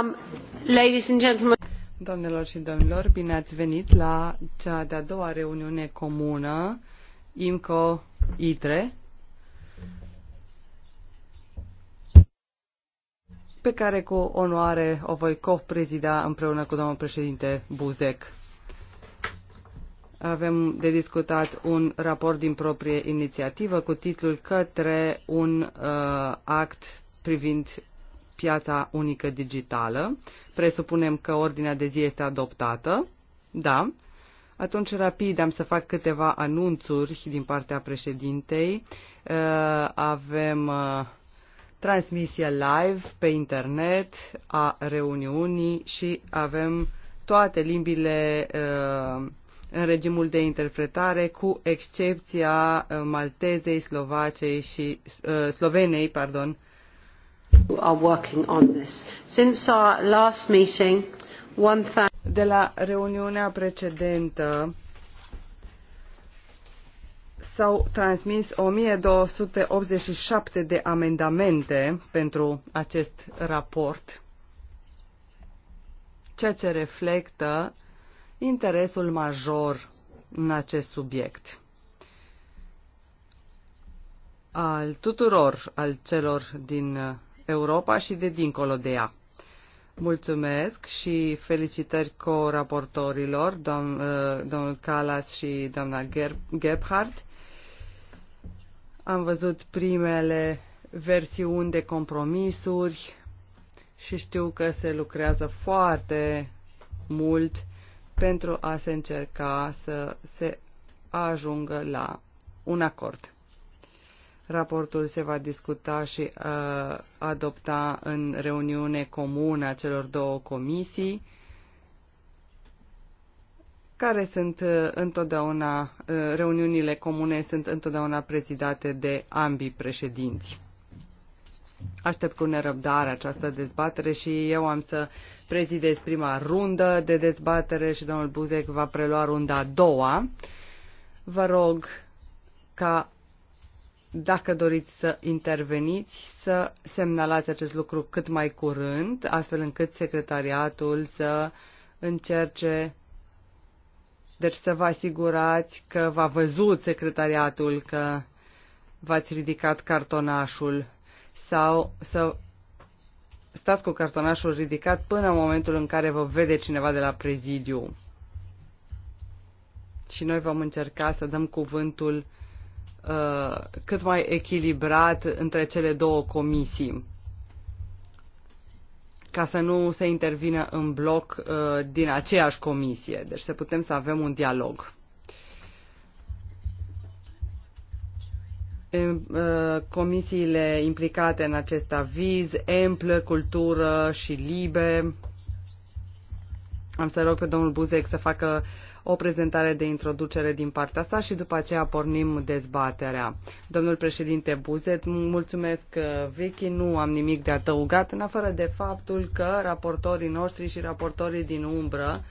Um, Doamnelor și domnilor, bine ați venit la cea de-a doua reuniune comună IMCO-ITRE, pe care cu onoare o voi coprezida împreună cu domnul președinte Buzek avem de discutat un raport din proprie inițiativă cu titlul către un uh, act privind piața unică digitală. Presupunem că ordinea de zi este adoptată. Da. Atunci, rapid, am să fac câteva anunțuri din partea președintei. Uh, avem uh, transmisie live pe internet a reuniunii și avem toate limbile uh, în regimul de interpretare, cu excepția uh, Maltezei, Slovacei și uh, Slovenei, pardon. Are working on this. Since our last meeting, one de la reuniunea precedentă s-au transmis 1287 de amendamente pentru acest raport, ceea ce reflectă interesul major în acest subiect al tuturor, al celor din Europa și de dincolo de ea. Mulțumesc și felicitări co-raportorilor, domn, uh, domnul Calas și doamna Gebhardt. Am văzut primele versiuni de compromisuri și știu că se lucrează foarte mult pentru a se încerca să se ajungă la un acord. Raportul se va discuta și uh, adopta în reuniune comună a celor două comisii, care sunt uh, întotdeauna, uh, reuniunile comune sunt întotdeauna prezidate de ambii președinți. Aștept cu nerăbdare această dezbatere și eu am să prezidez prima rundă de dezbatere și domnul Buzek va prelua runda a doua. Vă rog ca dacă doriți să interveniți, să semnalați acest lucru cât mai curând, astfel încât secretariatul să încerce, deci să vă asigurați că v-a văzut secretariatul că v-ați ridicat cartonașul sau să stați cu cartonașul ridicat până în momentul în care vă vede cineva de la prezidiu. Și noi vom încerca să dăm cuvântul uh, cât mai echilibrat între cele două comisii ca să nu se intervină în bloc uh, din aceeași comisie. Deci să putem să avem un dialog. Uh, comisiile implicate în acest aviz, emplă, cultură și libe. Am să rog pe domnul Buzec să facă o prezentare de introducere din partea sa și după aceea pornim dezbaterea. Domnul președinte Buzet, mulțumesc uh, Vicky, nu am nimic de adăugat, în afară de faptul că raportorii noștri și raportorii din umbră uh,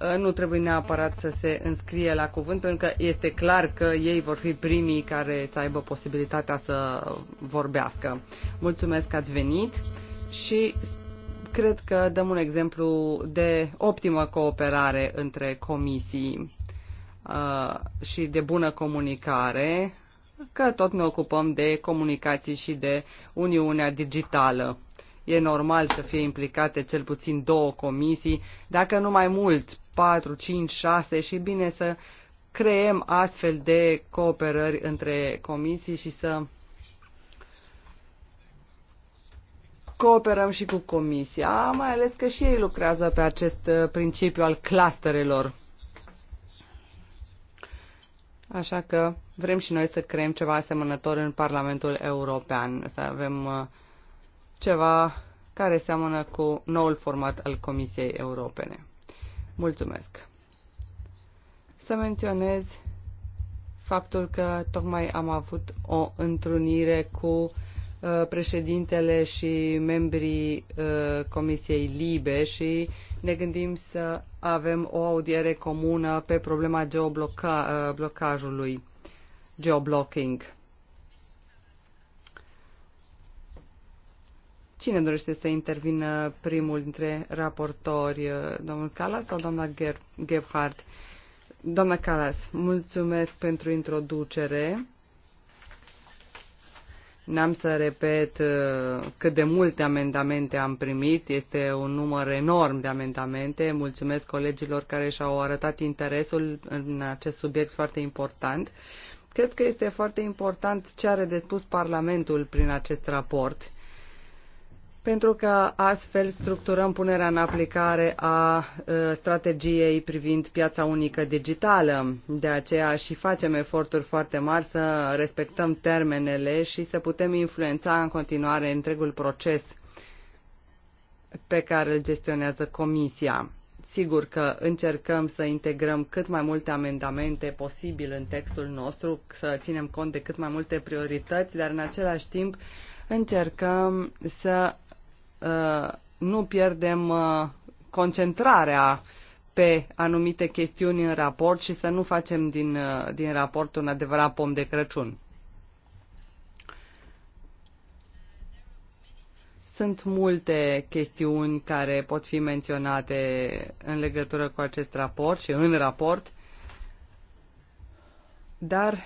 Uh, nu trebuie neapărat să se înscrie la cuvânt, pentru că este clar că ei vor fi primii care să aibă posibilitatea să vorbească. Mulțumesc că ați venit și cred că dăm un exemplu de optimă cooperare între comisii uh, și de bună comunicare, că tot ne ocupăm de comunicații și de Uniunea Digitală e normal să fie implicate cel puțin două comisii, dacă nu mai mult, 4, 5, 6 și bine să creăm astfel de cooperări între comisii și să cooperăm și cu comisia, mai ales că și ei lucrează pe acest uh, principiu al clusterelor. Așa că vrem și noi să creăm ceva asemănător în Parlamentul European, să avem uh, ceva care seamănă cu noul format al Comisiei Europene. Mulțumesc. Să menționez faptul că tocmai am avut o întrunire cu uh, președintele și membrii uh, Comisiei Libe și ne gândim să avem o audiere comună pe problema geoblocajului, uh, geoblocking. Cine dorește să intervină primul dintre raportori, uh, domnul Calas sau doamna Gebhardt? Doamna Calas, mulțumesc pentru introducere. N-am să repet uh, cât de multe amendamente am primit, este un număr enorm de amendamente. Mulțumesc colegilor care și-au arătat interesul în acest subiect foarte important. Cred că este foarte important ce are de spus Parlamentul prin acest raport pentru că astfel structurăm punerea în aplicare a ă, strategiei privind piața unică digitală. De aceea și facem eforturi foarte mari să respectăm termenele și să putem influența în continuare întregul proces pe care îl gestionează Comisia. Sigur că încercăm să integrăm cât mai multe amendamente posibil în textul nostru, să ținem cont de cât mai multe priorități, dar în același timp încercăm să Uh, nu pierdem uh, concentrarea pe anumite chestiuni în raport și să nu facem din, uh, din raport un adevărat pom de Crăciun. Sunt multe chestiuni care pot fi menționate în legătură cu acest raport și în raport, dar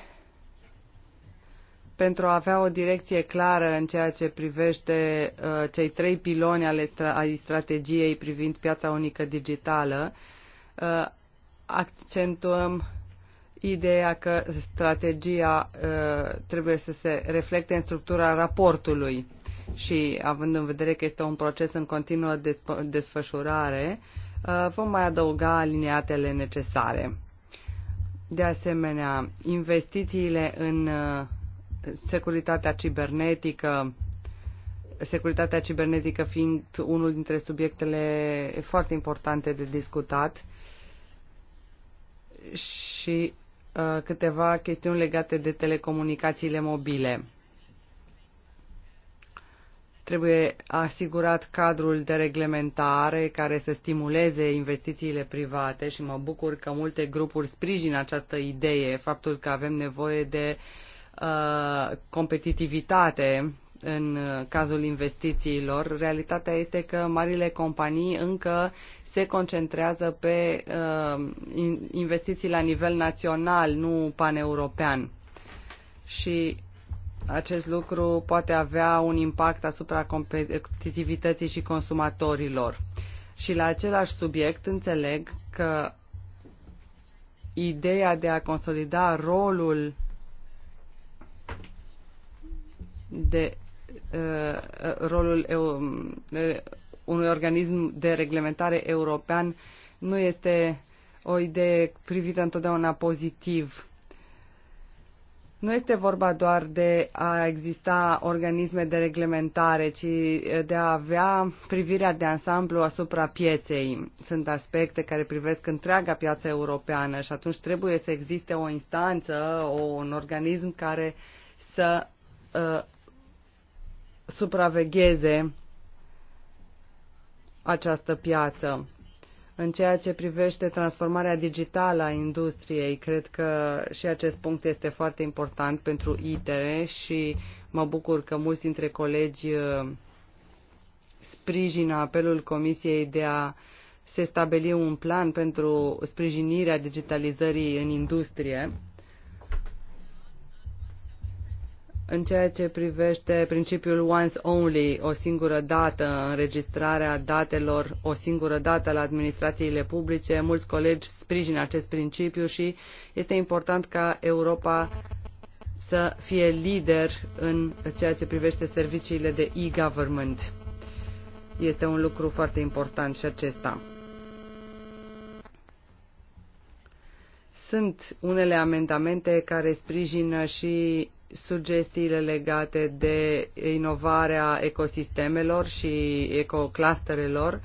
pentru a avea o direcție clară în ceea ce privește uh, cei trei piloni ale stra- ai strategiei privind piața unică digitală, uh, accentuăm ideea că strategia uh, trebuie să se reflecte în structura raportului și având în vedere că este un proces în continuă desfășurare, uh, vom mai adăuga aliniatele necesare. De asemenea, investițiile în uh, securitatea cibernetică, securitatea cibernetică fiind unul dintre subiectele foarte importante de discutat și uh, câteva chestiuni legate de telecomunicațiile mobile. Trebuie asigurat cadrul de reglementare care să stimuleze investițiile private și mă bucur că multe grupuri sprijină această idee, faptul că avem nevoie de uh, Uh, competitivitate în cazul investițiilor. Realitatea este că marile companii încă se concentrează pe uh, investiții la nivel național, nu paneuropean. Și acest lucru poate avea un impact asupra competitivității și consumatorilor. Și la același subiect înțeleg că ideea de a consolida rolul de uh, rolul uh, unui organism de reglementare european nu este o idee privită întotdeauna pozitiv. Nu este vorba doar de a exista organisme de reglementare, ci de a avea privirea de ansamblu asupra pieței. Sunt aspecte care privesc întreaga piață europeană și atunci trebuie să existe o instanță, un organism care să uh, supravegheze această piață. În ceea ce privește transformarea digitală a industriei, cred că și acest punct este foarte important pentru ITER și mă bucur că mulți dintre colegi uh, sprijină apelul Comisiei de a se stabili un plan pentru sprijinirea digitalizării în industrie În ceea ce privește principiul once only, o singură dată, înregistrarea datelor o singură dată la administrațiile publice, mulți colegi sprijină acest principiu și este important ca Europa să fie lider în ceea ce privește serviciile de e-government. Este un lucru foarte important și acesta. Sunt unele amendamente care sprijină și sugestiile legate de inovarea ecosistemelor și ecoclusterelor.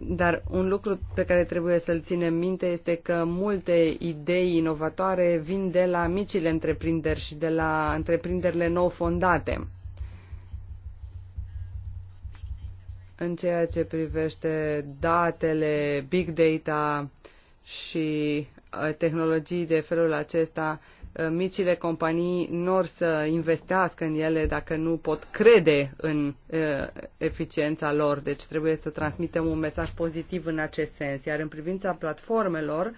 Dar un lucru pe care trebuie să-l ținem minte este că multe idei inovatoare vin de la micile întreprinderi și de la întreprinderile nou fondate. În ceea ce privește datele, big data și uh, tehnologii de felul acesta, Uh, micile companii nor să investească în ele dacă nu pot crede în uh, eficiența lor. Deci trebuie să transmitem un mesaj pozitiv în acest sens. Iar în privința platformelor,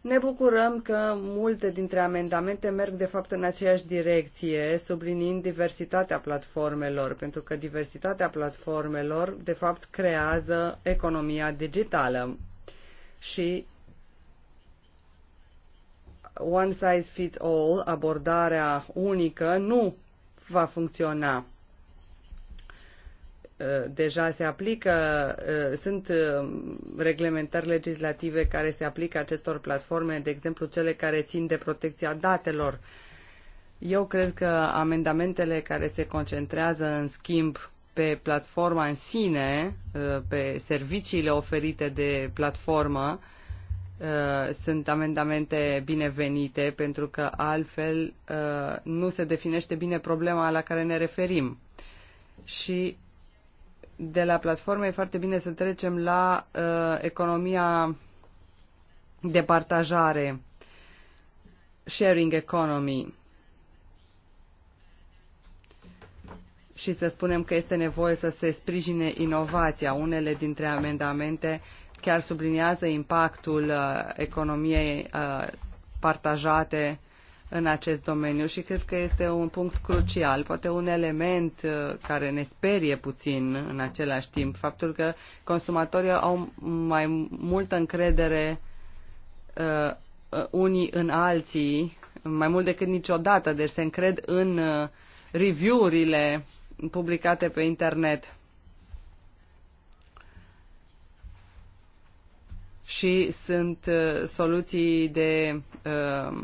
ne bucurăm că multe dintre amendamente merg de fapt în aceeași direcție, subliniind diversitatea platformelor, pentru că diversitatea platformelor de fapt creează economia digitală și one size fits all, abordarea unică, nu va funcționa. Uh, deja se aplică, uh, sunt uh, reglementări legislative care se aplică acestor platforme, de exemplu cele care țin de protecția datelor. Eu cred că amendamentele care se concentrează, în schimb, pe platforma în sine, pe serviciile oferite de platformă, Uh, sunt amendamente binevenite pentru că altfel uh, nu se definește bine problema la care ne referim. Și de la platforme e foarte bine să trecem la uh, economia de partajare, sharing economy. și să spunem că este nevoie să se sprijine inovația. Unele dintre amendamente chiar subliniază impactul uh, economiei uh, partajate în acest domeniu și cred că este un punct crucial, poate un element uh, care ne sperie puțin în același timp, faptul că consumatorii au mai multă încredere uh, unii în alții, mai mult decât niciodată, deci se încred în review-urile publicate pe internet. și sunt uh, soluții de uh,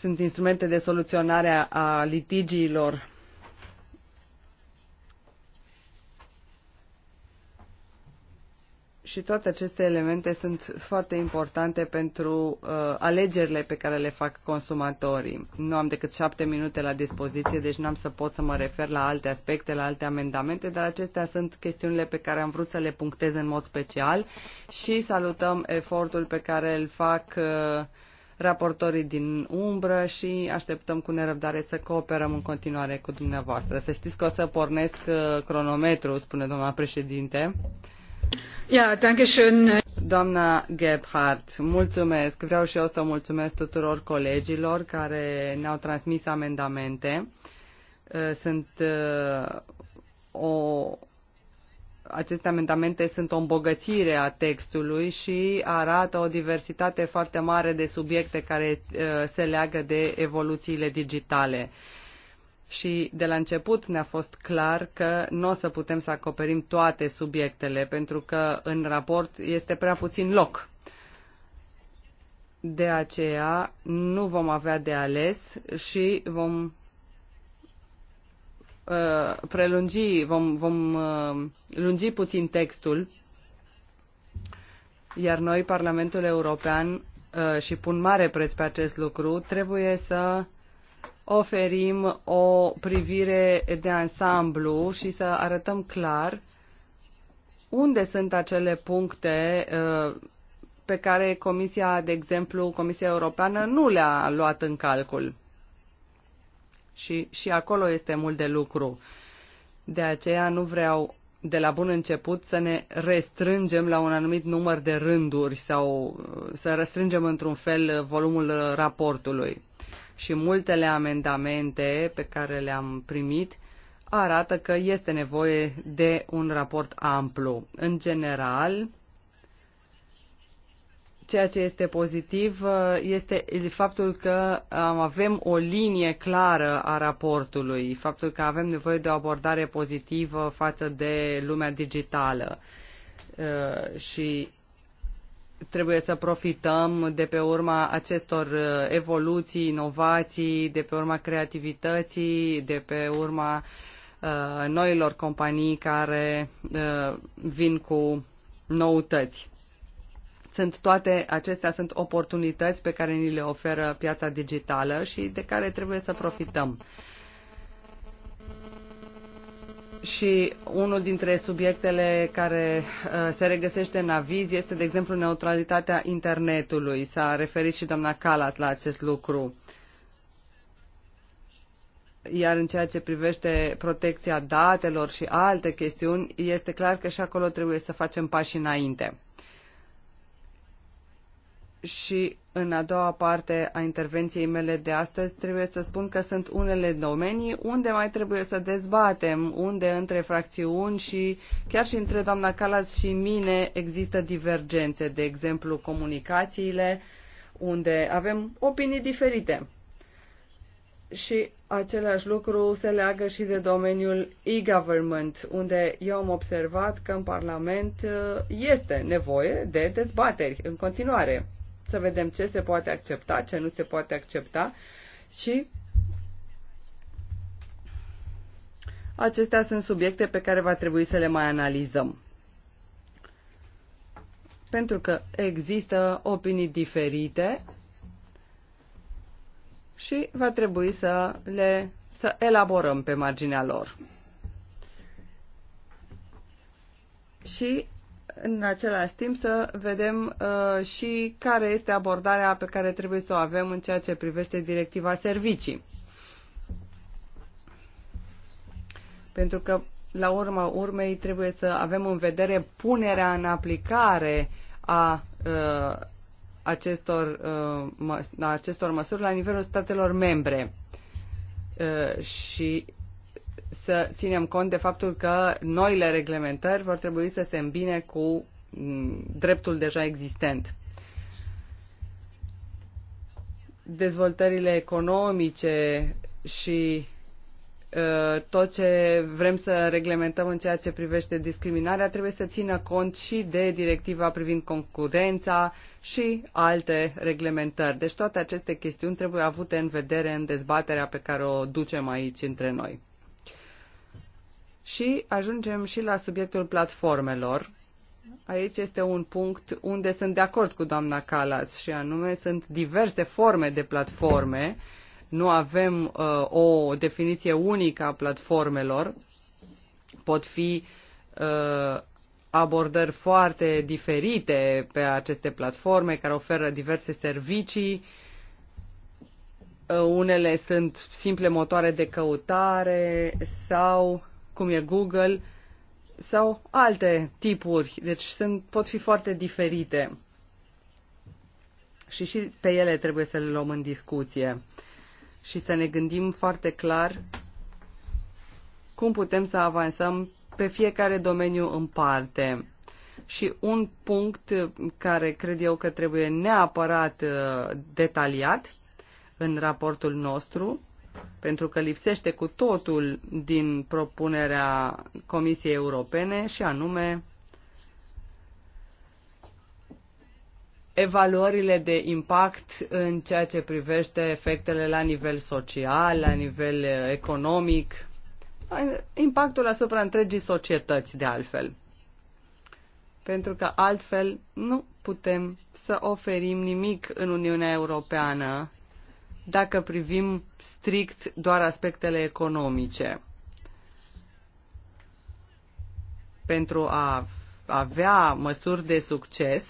sunt instrumente de soluționare a litigiilor Și toate aceste elemente sunt foarte importante pentru uh, alegerile pe care le fac consumatorii. Nu am decât șapte minute la dispoziție, deci n-am să pot să mă refer la alte aspecte, la alte amendamente, dar acestea sunt chestiunile pe care am vrut să le punctez în mod special și salutăm efortul pe care îl fac uh, raportorii din umbră și așteptăm cu nerăbdare să cooperăm în continuare cu dumneavoastră. Să știți că o să pornesc uh, cronometru, spune doamna președinte doamnă Gebhardt, mulțumesc. Vreau și eu să mulțumesc tuturor colegilor care ne-au transmis amendamente. Uh, sunt uh, o aceste amendamente sunt o îmbogățire a textului și arată o diversitate foarte mare de subiecte care uh, se leagă de evoluțiile digitale și de la început ne-a fost clar că nu o să putem să acoperim toate subiectele, pentru că în raport este prea puțin loc. De aceea nu vom avea de ales și vom uh, prelungi, vom, vom uh, lungi puțin textul, iar noi, Parlamentul European, uh, și pun mare preț pe acest lucru, trebuie să uh, oferim o privire de ansamblu și să arătăm clar unde sunt acele puncte uh, pe care Comisia, de exemplu, Comisia Europeană nu le-a luat în calcul. Și, și acolo este mult de lucru. De aceea nu vreau de la bun început să ne restrângem la un anumit număr de rânduri sau uh, să restrângem într-un fel uh, volumul raportului și multele amendamente pe care le-am primit arată că este nevoie de un raport amplu. În general, ceea ce este pozitiv uh, este faptul că um, avem o linie clară a raportului, faptul că avem nevoie de o abordare pozitivă față de lumea digitală uh, și trebuie să profităm de pe urma acestor uh, evoluții, inovații, de pe urma creativității, de pe urma uh, noilor companii care uh, vin cu noutăți. Sunt toate acestea sunt oportunități pe care ni le oferă piața digitală și de care trebuie să profităm și unul dintre subiectele care uh, se regăsește în aviz este, de exemplu, neutralitatea internetului. S-a referit și doamna Calas la acest lucru. Iar în ceea ce privește protecția datelor și alte chestiuni, este clar că și acolo trebuie să facem pași înainte și în a doua parte a intervenției mele de astăzi trebuie să spun că sunt unele domenii unde mai trebuie să dezbatem, unde între fracțiuni și chiar și între doamna Calas și mine există divergențe, de exemplu comunicațiile, unde avem opinii diferite. Și același lucru se leagă și de domeniul e-government, unde eu am observat că în Parlament uh, este nevoie de dezbateri în continuare să vedem ce se poate accepta, ce nu se poate accepta și acestea sunt subiecte pe care va trebui să le mai analizăm. Pentru că există opinii diferite și va trebui să le să elaborăm pe marginea lor. Și în același timp să vedem uh, și care este abordarea pe care trebuie să o avem în ceea ce privește directiva servicii. Pentru că, la urma urmei, trebuie să avem în vedere punerea în aplicare a uh, acestor, uh, mă, acestor măsuri la nivelul statelor membre. Uh, și să ținem cont de faptul că noile reglementări vor trebui să se îmbine cu mm, dreptul deja existent. Dezvoltările economice și ă, tot ce vrem să reglementăm în ceea ce privește discriminarea trebuie să țină cont și de directiva privind concurența și alte reglementări. Deci toate aceste chestiuni trebuie avute în vedere în dezbaterea pe care o ducem aici între noi. Și ajungem și la subiectul platformelor. Aici este un punct unde sunt de acord cu doamna Calas și anume sunt diverse forme de platforme. Nu avem uh, o definiție unică a platformelor. Pot fi uh, abordări foarte diferite pe aceste platforme care oferă diverse servicii. Uh, unele sunt simple motoare de căutare sau cum e Google sau alte tipuri, deci sunt, pot fi foarte diferite. Și și pe ele trebuie să le luăm în discuție și să ne gândim foarte clar cum putem să avansăm pe fiecare domeniu în parte. Și un punct care cred eu că trebuie neapărat uh, detaliat în raportul nostru pentru că lipsește cu totul din propunerea Comisiei Europene și anume evaluările de impact în ceea ce privește efectele la nivel social, la nivel economic, impactul asupra întregii societăți de altfel. Pentru că altfel nu putem să oferim nimic în Uniunea Europeană dacă privim strict doar aspectele economice. Pentru a avea măsuri de succes,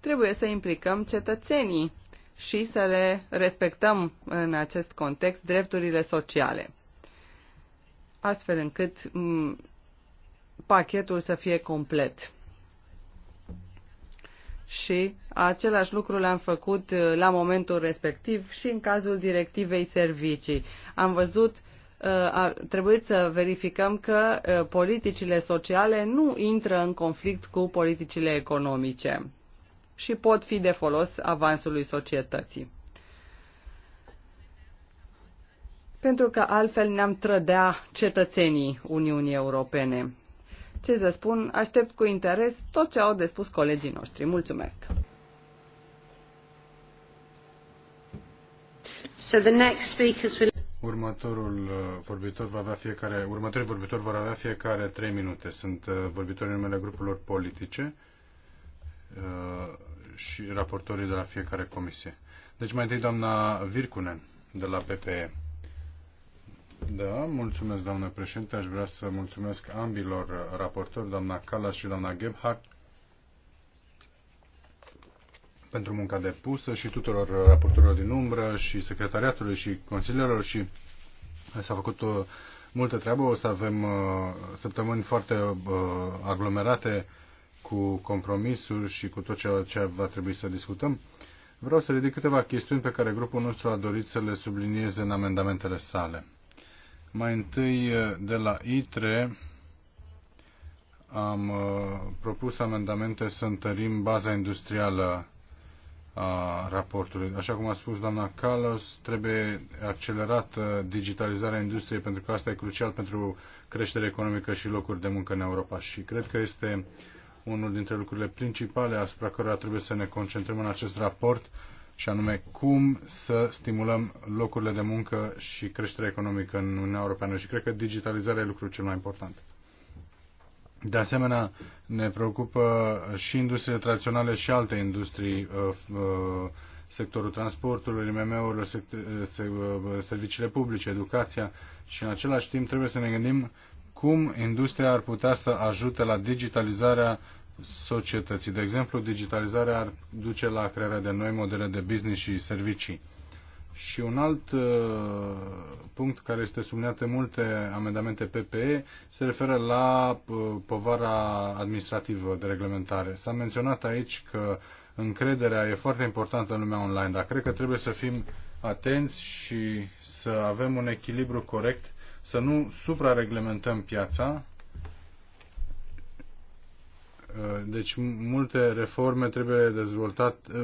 trebuie să implicăm cetățenii și să le respectăm în acest context drepturile sociale, astfel încât pachetul să fie complet și același lucru l-am făcut uh, la momentul respectiv și în cazul directivei servicii. Am văzut uh, a trebuit să verificăm că uh, politicile sociale nu intră în conflict cu politicile economice și pot fi de folos avansului societății. Pentru că altfel ne-am trădea cetățenii Uniunii Europene. Ce să spun, aștept cu interes tot ce au de spus colegii noștri. Mulțumesc! So the next speakers will... Următorul uh, vorbitor va avea fiecare, următorii vorbitori vor avea fiecare trei minute. Sunt uh, vorbitorii numele grupurilor politice uh, și raportorii de la fiecare comisie. Deci mai întâi doamna Virkunen de la PPE. Da, mulțumesc, doamnă președinte. Aș vrea să mulțumesc ambilor raportori, doamna Calas și doamna Gebhardt, pentru munca depusă și tuturor raportorilor din umbră și secretariatului și consilierilor și s-a făcut o, uh, multă treabă. O să avem uh, săptămâni foarte uh, aglomerate cu compromisuri și cu tot ceea ce va trebui să discutăm. Vreau să ridic câteva chestiuni pe care grupul nostru a dorit să le sublinieze în amendamentele sale. Mai întâi eh, de la ITRE am eh, propus amendamente să întărim baza industrială a raportului. Așa cum a spus doamna Carlos, trebuie accelerată digitalizarea industriei pentru că asta e crucial pentru creștere economică și locuri de muncă în Europa și cred că este unul dintre lucrurile principale asupra cărora trebuie să ne concentrăm în acest raport și anume cum să stimulăm locurile de muncă și creșterea economică în Uniunea Europeană. Și cred că digitalizarea e lucrul cel mai important. De asemenea, ne preocupă și industriile tradiționale și alte industrii, uh, uh, sectorul transportului, mmo urilor uh, serviciile publice, educația și în același timp trebuie să ne gândim cum industria ar putea să ajute la digitalizarea societății. De exemplu, digitalizarea ar duce la crearea de noi modele de business și servicii. Și un alt uh, punct care este subliniat în multe amendamente PPE se referă la uh, povara administrativă de reglementare. S-a menționat aici că încrederea e foarte importantă în lumea online, dar cred că trebuie să fim atenți și să avem un echilibru corect, să nu suprareglementăm piața, Uh, deci multe reforme trebuie, uh,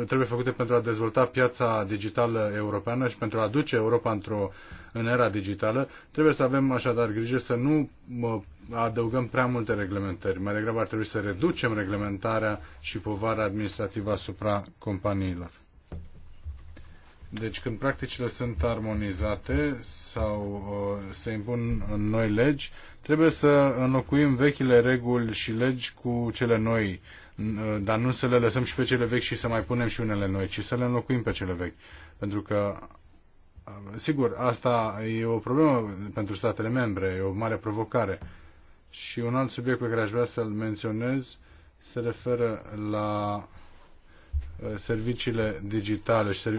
trebuie făcute pentru a dezvolta piața digitală europeană și pentru a aduce Europa într-o în era digitală. Trebuie să avem așadar grijă să nu adăugăm prea multe reglementări. Mai degrabă ar trebui să reducem reglementarea și povara administrativă asupra companiilor. Deci când practicile sunt armonizate sau uh, se impun în noi legi, trebuie să înlocuim vechile reguli și legi cu cele noi, uh, dar nu să le lăsăm și pe cele vechi și să mai punem și unele noi, ci să le înlocuim pe cele vechi. Pentru că, uh, sigur, asta e o problemă pentru statele membre, e o mare provocare. Și un alt subiect pe care aș vrea să-l menționez se referă la Uh, serviciile digitale și, uh,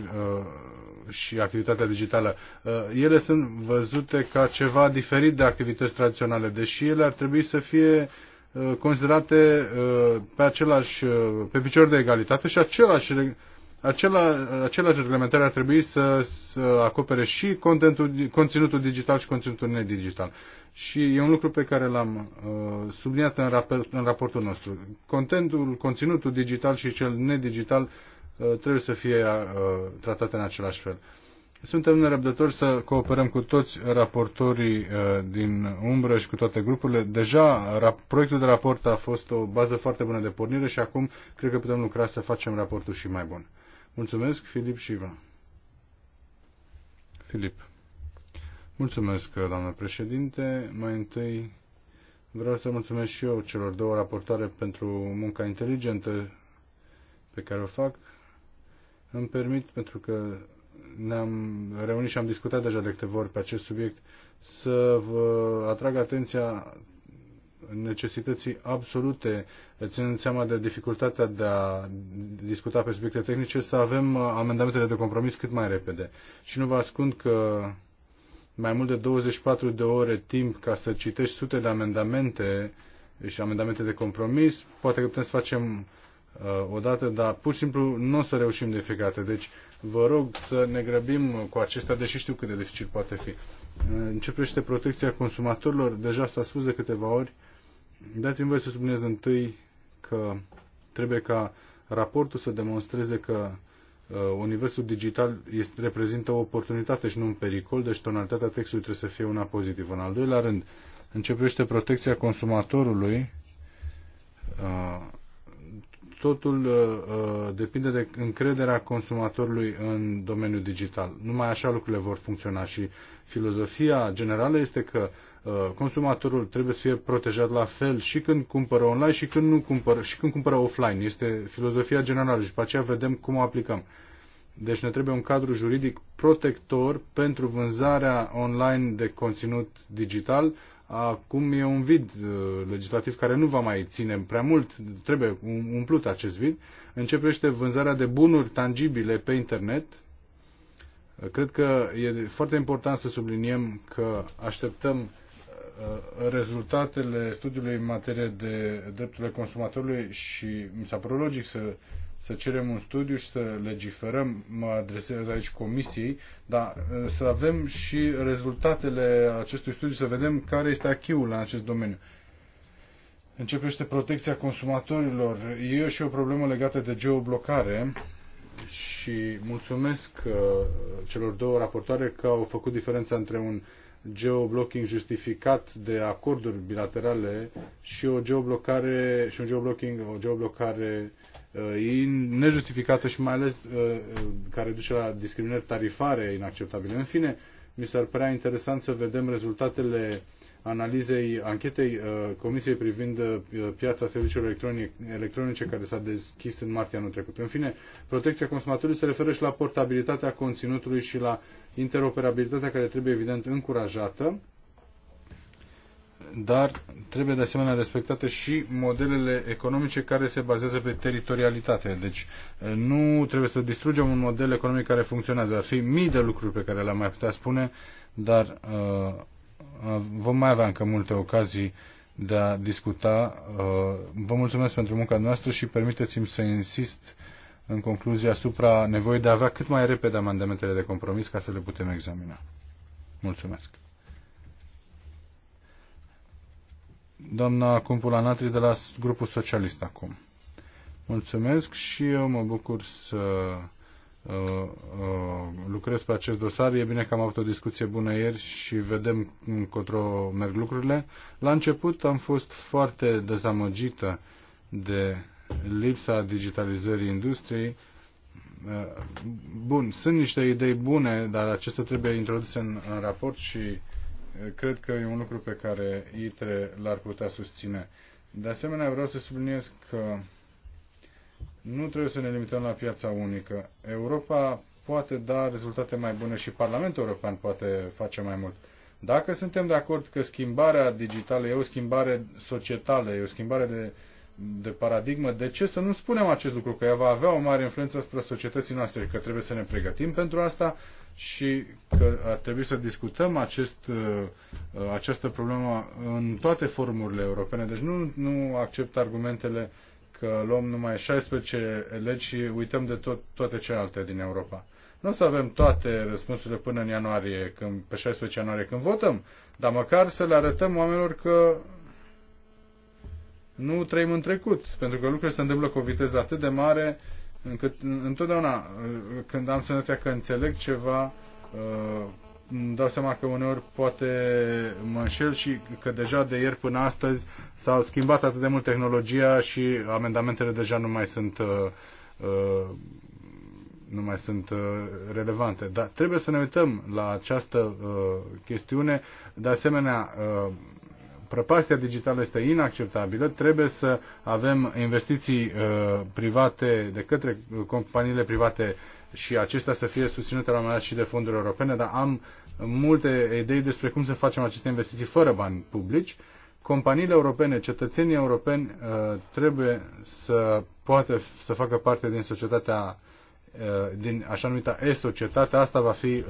și activitatea digitală, uh, ele sunt văzute ca ceva diferit de activități tradiționale, deși ele ar trebui să fie considerate pe același, pe picior de egalitate și același acela, același reglementare ar trebui să, să acopere și conținutul, conținutul digital și conținutul nedigital. Și e un lucru pe care l-am uh, subliniat în, raport, în raportul nostru. Contentul, conținutul digital și cel nedigital uh, trebuie să fie uh, tratate în același fel. Suntem nerăbdători să cooperăm cu toți raportorii uh, din umbră și cu toate grupurile. Deja rap, proiectul de raport a fost o bază foarte bună de pornire și acum cred că putem lucra să facem raportul și mai bun. Mulțumesc, Filip Șiva. Filip. Mulțumesc, doamnă președinte. Mai întâi vreau să mulțumesc și eu celor două raportoare pentru munca inteligentă pe care o fac. Îmi permit, pentru că ne-am reunit și am discutat deja de câteva ori pe acest subiect, să vă atrag atenția necesității absolute, ținând seama de dificultatea de a discuta pe subiecte tehnice, să avem uh, amendamentele de compromis cât mai repede. Și nu vă ascund că mai mult de 24 de ore timp ca să citești sute de amendamente și amendamente de compromis, poate că putem să facem uh, odată, dar pur și simplu nu o să reușim de fiecare Deci vă rog să ne grăbim cu acestea, deși știu cât de dificil poate fi. Începește protecția consumatorilor, deja s-a spus de câteva ori, Dați-mi voi să subliniez întâi că trebuie ca raportul să demonstreze că uh, universul digital este, reprezintă o oportunitate și nu un pericol, deci tonalitatea textului trebuie să fie una pozitivă. În al doilea rând, începește protecția consumatorului. Uh, totul uh, uh, depinde de încrederea consumatorului în domeniul digital. Numai așa lucrurile vor funcționa și filozofia generală este că Uh, consumatorul trebuie să fie protejat la fel și când cumpără online și când nu cumpără, și când cumpără offline. Este filozofia generală și după aceea vedem cum o aplicăm. Deci ne trebuie un cadru juridic protector pentru vânzarea online de conținut digital. Acum e un vid uh, legislativ care nu va mai ține prea mult, trebuie um, umplut acest vid. Începește vânzarea de bunuri tangibile pe internet. Uh, cred că e foarte important să subliniem că așteptăm Uh, rezultatele studiului în materie de drepturile consumatorului și mi s-a părut logic să, să cerem un studiu și să legiferăm, mă adresez aici comisiei, dar uh, să avem și rezultatele acestui studiu, să vedem care este achiul în acest domeniu. Începește protecția consumatorilor. E și o problemă legată de geoblocare și mulțumesc uh, celor două raportoare că au făcut diferența între un geoblocking justificat de acorduri bilaterale și o geoblocare și un geoblocking, o geoblocare uh, nejustificată și mai ales uh, uh, care duce la discriminări tarifare inacceptabile. În fine, mi s-ar părea interesant să vedem rezultatele analizei anchetei uh, Comisiei privind uh, piața serviciilor electronice care s-a deschis în martie anul trecut. În fine, protecția consumatorului se referă și la portabilitatea conținutului și la interoperabilitatea care trebuie evident încurajată, dar trebuie de asemenea respectate și modelele economice care se bazează pe teritorialitate. Deci eh, nu trebuie să distrugem un model economic care funcționează. Ar fi mii de lucruri pe care le-am mai putea spune, dar uh, vom mai avea încă multe ocazii de a discuta. Uh, vă mulțumesc pentru munca noastră și permiteți-mi să insist în concluzie asupra nevoii de a avea cât mai repede amendamentele de compromis ca să le putem examina. Mulțumesc. Doamna Cumpula Natri de la grupul socialist acum. Mulțumesc și eu mă bucur să uh, uh, lucrez pe acest dosar. E bine că am avut o discuție bună ieri și vedem încotro merg lucrurile. La început am fost foarte dezamăgită de lipsa digitalizării industriei. Bun, sunt niște idei bune, dar acestea trebuie introduse în, în raport și cred că e un lucru pe care ITRE l-ar putea susține. De asemenea, vreau să subliniez că nu trebuie să ne limităm la piața unică. Europa poate da rezultate mai bune și Parlamentul European poate face mai mult. Dacă suntem de acord că schimbarea digitală e o schimbare societală, e o schimbare de de paradigmă, de ce să nu spunem acest lucru, că ea va avea o mare influență asupra societății noastre, că trebuie să ne pregătim pentru asta și că ar trebui să discutăm acest, uh, uh, această problemă în toate formurile europene. Deci nu, nu accept argumentele că luăm numai 16 legi și uităm de tot, toate celelalte din Europa. Nu o să avem toate răspunsurile până în ianuarie, când, pe 16 ianuarie, când votăm, dar măcar să le arătăm oamenilor că nu trăim în trecut, pentru că lucrurile se întâmplă cu o viteză atât de mare încât întotdeauna uh, când am senzația că înțeleg ceva, uh, îmi dau seama că uneori poate mă înșel și că deja de ieri până astăzi s-au schimbat atât de mult tehnologia și amendamentele deja nu mai sunt uh, nu mai sunt relevante. Dar trebuie să ne uităm la această chestiune. De asemenea, prăpastia digitală este inacceptabilă, trebuie să avem investiții uh, private de către uh, companiile private și acestea să fie susținute la un moment dat și de fonduri europene, dar am multe idei despre cum să facem aceste investiții fără bani publici. Companiile europene, cetățenii europeni uh, trebuie să poată să facă parte din societatea, din așa numita e-societate. Asta va fi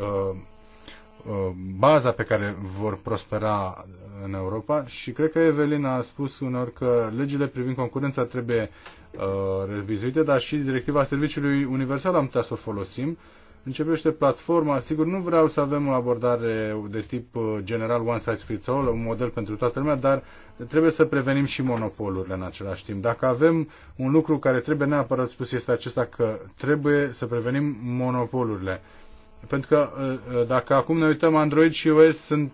Uh, baza pe care vor prospera în Europa și cred că Evelina a spus unor că legile privind concurența trebuie uh, revizuite, dar și directiva serviciului universal am putea să o folosim. Începește platforma, sigur nu vreau să avem o abordare de tip uh, general one size fits all, un model pentru toată lumea, dar trebuie să prevenim și monopolurile în același timp. Dacă avem un lucru care trebuie neapărat spus este acesta că trebuie să prevenim monopolurile pentru că uh, uh, dacă acum ne uităm, Android și iOS sunt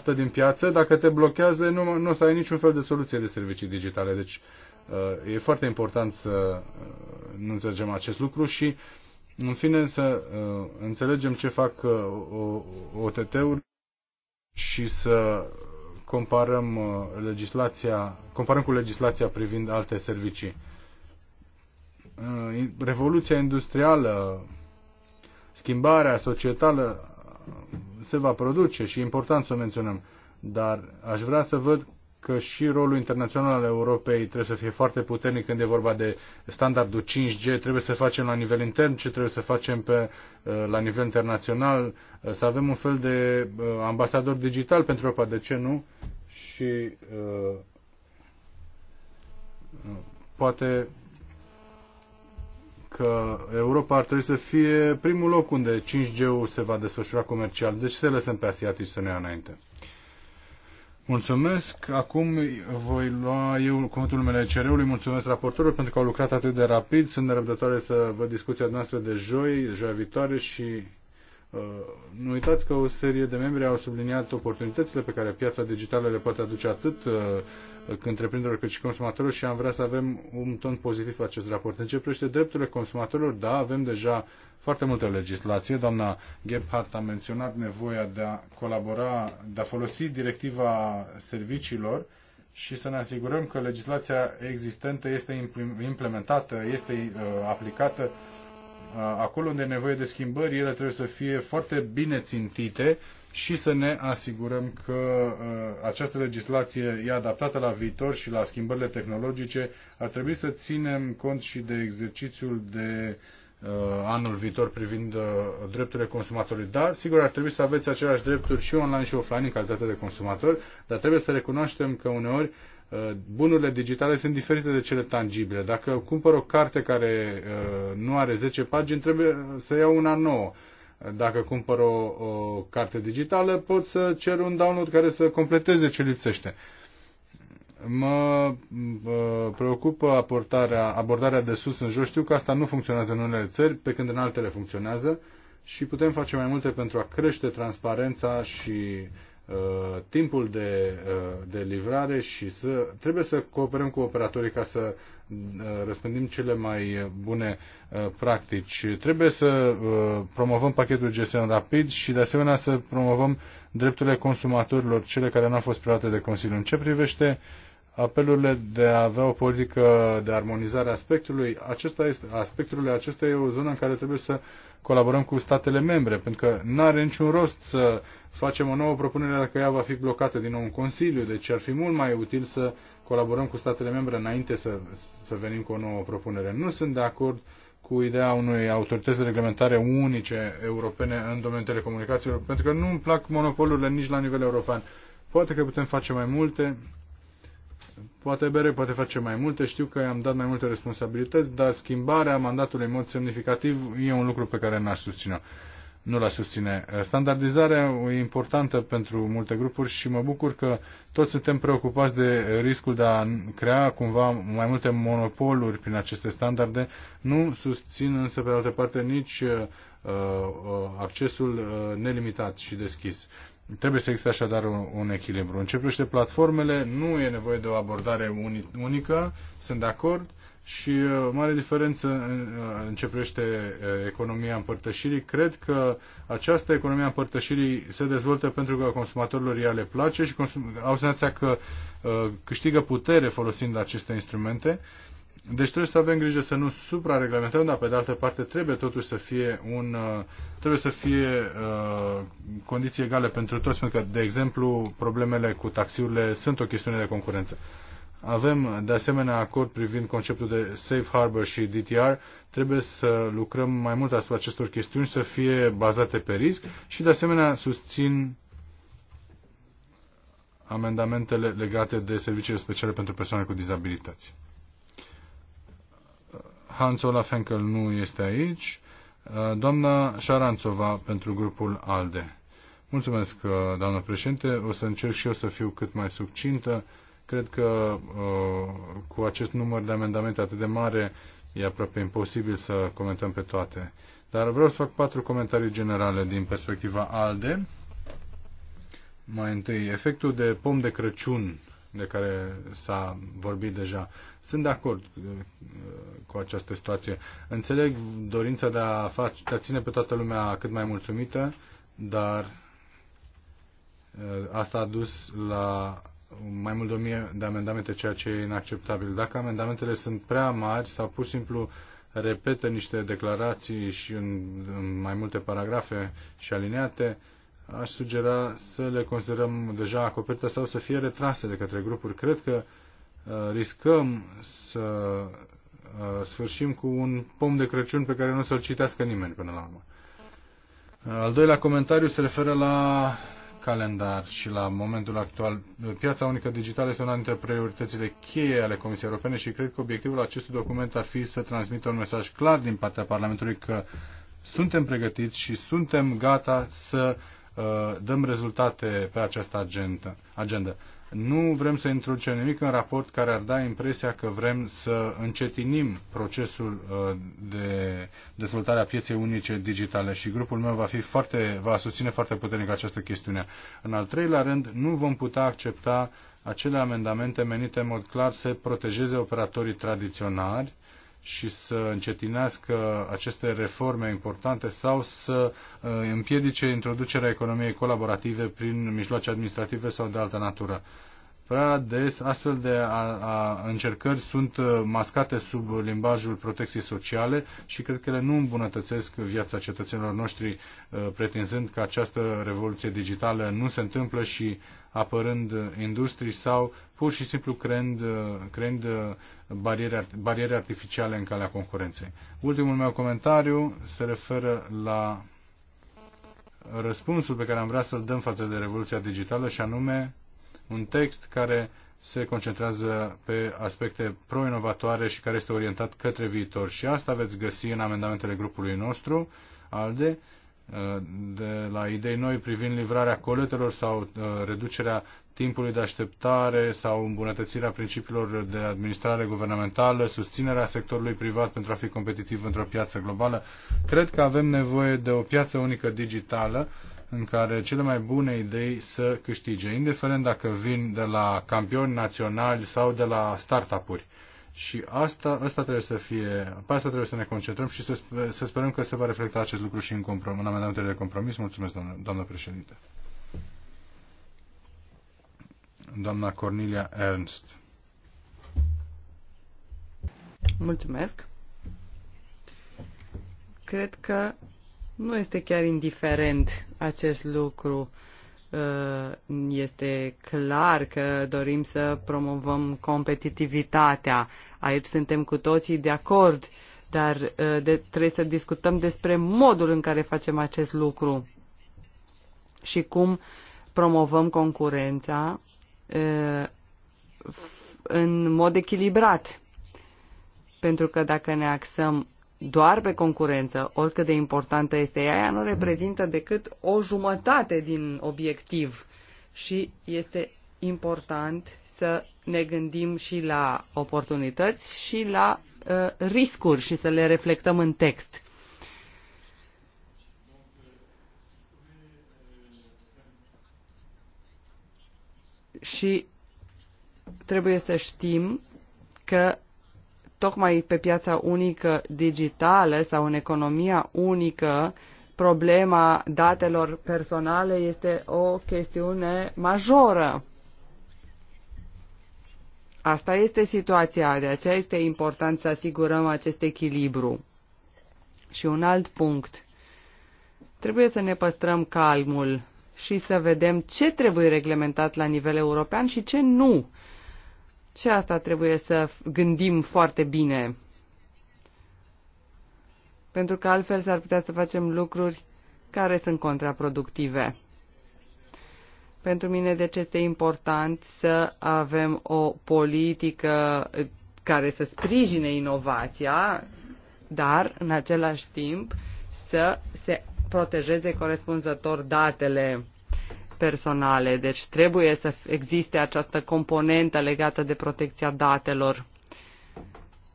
90% uh, din piață, dacă te blochează, nu, nu o să ai niciun fel de soluție de servicii digitale. Deci e foarte important să nu înțelegem acest lucru și, în fine, să înțelegem ce fac OTT-uri și să comparăm legislația, comparăm cu legislația privind alte servicii. Revoluția industrială schimbarea societală se va produce și e important să o menționăm. Dar aș vrea să văd că și rolul internațional al Europei trebuie să fie foarte puternic când e vorba de standardul 5G, trebuie să facem la nivel intern ce trebuie să facem pe, uh, la nivel internațional, uh, să avem un fel de uh, ambasador digital pentru Europa, de ce nu? Și uh, poate că Europa ar trebui să fie primul loc unde 5G-ul se va desfășura comercial. Deci să lăsăm pe asiatici să ne ia înainte. Mulțumesc. Acum voi lua eu cuvântul numele CR-ului. Mulțumesc raportorul pentru că au lucrat atât de rapid. Sunt nerăbdătoare să văd discuția noastră de joi, joia viitoare și uh, nu uitați că o serie de membri au subliniat oportunitățile pe care piața digitală le poate aduce atât uh, întreprinderilor cât și consumatorilor și am vrea să avem un ton pozitiv pe acest raport. În ce privește drepturile consumatorilor, da, avem deja foarte multă legislație. Doamna Gebhardt a menționat nevoia de a colabora, de a folosi directiva serviciilor și să ne asigurăm că legislația existentă este implementată, este uh, aplicată uh, acolo unde e nevoie de schimbări, ele trebuie să fie foarte bine țintite și să ne asigurăm că uh, această legislație e adaptată la viitor și la schimbările tehnologice. Ar trebui să ținem cont și de exercițiul de uh, anul viitor privind uh, drepturile consumatorului. Da, sigur, ar trebui să aveți aceleași drepturi și online și offline în calitate de consumator, dar trebuie să recunoaștem că uneori bunurile digitale sunt diferite de cele tangibile. Dacă cumpăr o carte care nu are 10 pagini, trebuie să iau una nouă dacă cumpăr o, o carte digitală, pot să cer un download care să completeze ce lipsește. Mă preocupă aportarea, abordarea de sus în jos. Știu că asta nu funcționează în unele țări, pe când în altele funcționează și putem face mai multe pentru a crește transparența și Uh, timpul de, uh, de livrare și să, trebuie să cooperăm cu operatorii ca să uh, răspândim cele mai bune practici. Trebuie să promovăm pachetul GSM rapid și de asemenea să promovăm drepturile consumatorilor, cele care nu au fost preluate de Consiliu. În ce privește uh, apelurile de a avea o politică de armonizare a spectrului, acesta este, a spectrului acesta e o zonă în care trebuie să colaborăm cu statele membre, pentru că nu are niciun rost să facem o nouă propunere dacă ea va fi blocată din nou în Consiliu, deci ar fi mult mai util să colaborăm cu statele membre înainte să, să venim cu o nouă propunere. Nu sunt de acord cu ideea unei autorități de reglementare unice europene în domeniul telecomunicațiilor, pentru că nu îmi plac monopolurile nici la nivel european. Poate că putem face mai multe, Poate bere, poate face mai multe, știu că am dat mai multe responsabilități, dar schimbarea mandatului în mod semnificativ e un lucru pe care n-aș susține. Nu l-aș susține. Standardizarea e importantă pentru multe grupuri și mă bucur că toți suntem preocupați de riscul de a crea cumva mai multe monopoluri prin aceste standarde. Nu susțin însă pe de altă parte nici uh, uh, accesul uh, nelimitat și deschis. Trebuie să existe așadar un, un echilibru. În ce privește platformele, nu e nevoie de o abordare uni, unică, sunt de acord, și uh, mare diferență în, uh, în ce privește uh, economia împărtășirii. Cred că această economie a împărtășirii se dezvoltă pentru că consumatorilor ea le place și consum- au senzația că uh, câștigă putere folosind aceste instrumente. Uh, deci trebuie să avem grijă să nu suprareglementăm, dar pe de altă parte trebuie totuși să fie un uh, trebuie să fie uh, condiții egale pentru toți, pentru că, de exemplu, problemele cu taxiurile sunt o chestiune de concurență. Avem, de asemenea, acord privind conceptul de safe harbor și DTR. Trebuie să lucrăm mai mult asupra acestor chestiuni, să fie bazate pe risc și, de asemenea, susțin amendamentele legate de serviciile speciale pentru persoane cu dizabilități. Hans Olaf Henkel nu este aici. Uh, doamna Șaranțova pentru grupul ALDE. Mulțumesc, uh, doamnă președinte. O să încerc și eu să fiu cât mai succintă. Cred că uh, cu acest număr de amendamente atât de mare e aproape imposibil să comentăm pe toate. Dar vreau să fac patru comentarii generale din perspectiva ALDE. Mai întâi, efectul de pom de Crăciun de care s-a vorbit deja. Sunt de acord uh, cu această situație. Înțeleg dorința de a, face, de a ține pe toată lumea cât mai mulțumită, dar uh, asta a dus la mai mult de mie de amendamente, ceea ce e inacceptabil. Dacă amendamentele sunt prea mari sau pur și simplu repetă niște declarații și în, în mai multe paragrafe și alineate, uh, aș sugera să le considerăm deja acoperite sau să fie retrase de către grupuri. Cred că uh, riscăm să uh, sfârșim cu un pom de Crăciun pe care nu să-l citească nimeni până la urmă. Uh, al doilea comentariu se referă la calendar și la momentul actual. Piața unică digitală este una dintre prioritățile cheie ale Comisiei Europene și cred că obiectivul acestui document ar fi să transmită un mesaj clar din partea Parlamentului că suntem pregătiți și suntem gata să Uh, dăm rezultate pe această agenda. agenda. Nu vrem să introducem nimic în raport care ar da impresia că vrem să încetinim procesul uh, de dezvoltare a pieței unice digitale și grupul meu va, fi foarte, va susține foarte puternic această chestiune. În al treilea rând, nu vom putea accepta acele amendamente menite în mod clar să protejeze operatorii tradiționali și să încetinească aceste reforme importante sau să uh, împiedice introducerea economiei colaborative prin mijloace administrative sau de altă natură prea des astfel de a, a încercări sunt uh, mascate sub limbajul protecției sociale și cred că ele nu îmbunătățesc viața cetățenilor noștri uh, pretinzând că această revoluție digitală nu se întâmplă și apărând industrii sau pur și simplu creând, uh, creând bariere, bariere artificiale în calea concurenței. Ultimul meu comentariu se referă la răspunsul pe care am vrea să-l dăm față de revoluția digitală și anume un text care se concentrează pe aspecte pro-inovatoare și care este orientat către viitor. Și asta veți găsi în amendamentele grupului nostru, ALDE, de la idei noi privind livrarea coletelor sau uh, reducerea timpului de așteptare sau îmbunătățirea principiilor de administrare guvernamentală, susținerea sectorului privat pentru a fi competitiv într-o piață globală. Cred că avem nevoie de o piață unică digitală în care cele mai bune idei să câștige, indiferent dacă vin de la campioni naționali sau de la startup-uri. Și asta, asta trebuie să fie, pe asta trebuie să ne concentrăm și să, să sperăm că se va reflecta acest lucru și în, comprom, în amendamentele de compromis. Mulțumesc, doamnă, doamnă președinte. Doamna Cornelia Ernst. Mulțumesc. Cred că nu este chiar indiferent acest lucru. Uh, este clar că dorim să promovăm competitivitatea. Aici suntem cu toții de acord, dar uh, trebuie să discutăm despre modul în care facem acest lucru și cum promovăm concurența uh, în mod echilibrat. Pentru că dacă ne axăm doar pe concurență, oricât de importantă este ea, ea nu reprezintă decât o jumătate din obiectiv și este important să ne gândim și la oportunități și la uh, riscuri și să le reflectăm în text. Și trebuie să știm că tocmai pe piața unică digitală sau în economia unică, problema datelor personale este o chestiune majoră. Asta este situația, de aceea este important să asigurăm acest echilibru. Și un alt punct. Trebuie să ne păstrăm calmul și să vedem ce trebuie reglementat la nivel european și ce nu și asta trebuie să gândim foarte bine. Pentru că altfel s-ar putea să facem lucruri care sunt contraproductive. Pentru mine, de deci, este important să avem o politică uh, care să sprijine inovația, dar, în același timp, să se protejeze corespunzător datele personale, deci trebuie să existe această componentă legată de protecția datelor.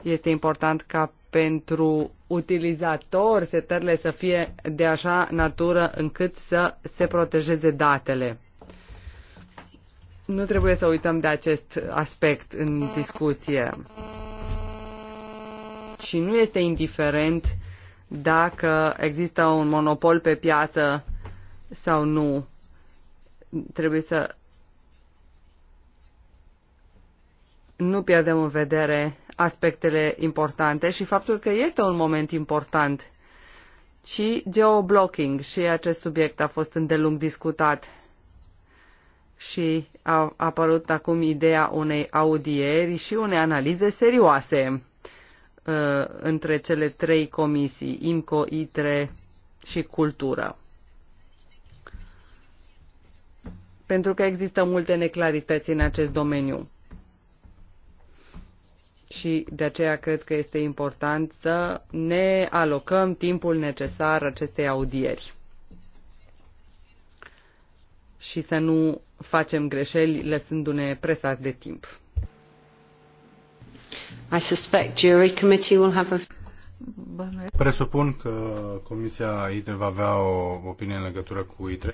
Este important ca pentru utilizator setările să fie de așa natură încât să se protejeze datele. Nu trebuie să uităm de acest aspect în discuție. Și nu este indiferent dacă există un monopol pe piață sau nu trebuie să nu pierdem în vedere aspectele importante și faptul că este un moment important și geoblocking și acest subiect a fost îndelung discutat și a apărut acum ideea unei audieri și unei analize serioase uh, între cele trei comisii, IMCO, ITRE și Cultură. pentru că există multe neclarități în acest domeniu. Și de aceea cred că este important să ne alocăm timpul necesar acestei audieri și să nu facem greșeli lăsându-ne presați de timp. I suspect jury committee will have a... Presupun că Comisia ITRE va avea o opinie în legătură cu ITRE.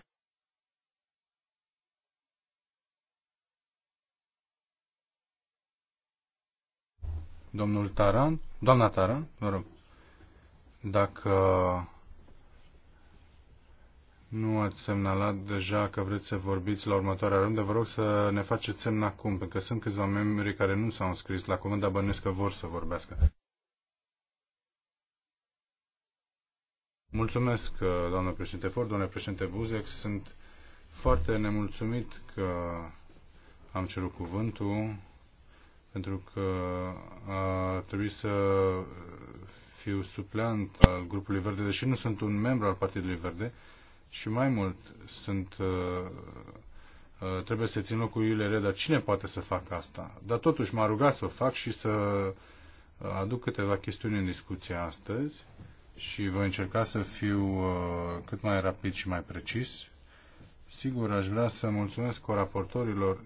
Domnul Taran, doamna Taran, vă rog, dacă nu ați semnalat deja că vreți să vorbiți la următoarea rândă, vă rog să ne faceți semn acum, pentru că sunt câțiva membri care nu s-au înscris la cuvânt, dar bănuiesc că vor să vorbească. Mulțumesc, doamnă președinte Ford, domnule președinte Buzek. Sunt foarte nemulțumit că am cerut cuvântul pentru că a trebuit să fiu supleant al grupului Verde, deși nu sunt un membru al Partidului Verde și mai mult sunt uh, uh, trebuie să țin locul Iulie Reda. Cine poate să facă asta? Dar totuși m-a rugat să o fac și să uh, aduc câteva chestiuni în discuție astăzi și voi încerca să fiu cât mai rapid și mai precis. Sigur, aș vrea să mulțumesc coraportorilor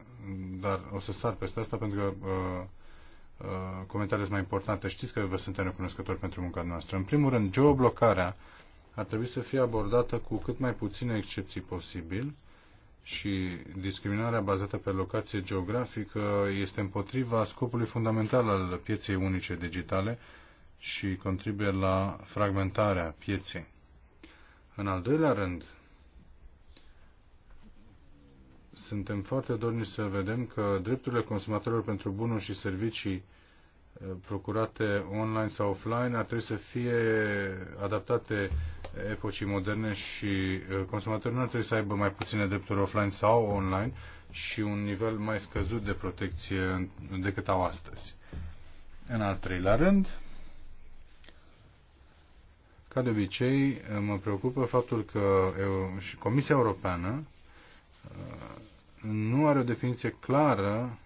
dar o să sar peste asta pentru că uh, uh, comentariile sunt mai importante. Știți că vă suntem recunoscători pentru munca noastră. În primul rând, geoblocarea ar trebui să fie abordată cu cât mai puține excepții posibil și discriminarea bazată pe locație geografică este împotriva scopului fundamental al pieței unice digitale și contribuie la fragmentarea pieței. În al doilea rând, Suntem foarte dorni să vedem că drepturile consumatorilor pentru bunuri și servicii uh, procurate online sau offline ar trebui să fie adaptate epocii moderne și uh, consumatorii nu ar trebui să aibă mai puține drepturi offline sau online și un nivel mai scăzut de protecție decât au astăzi. În al treilea rând, ca de obicei, mă preocupă faptul că Comisia Europeană uh, nu are o definiție clară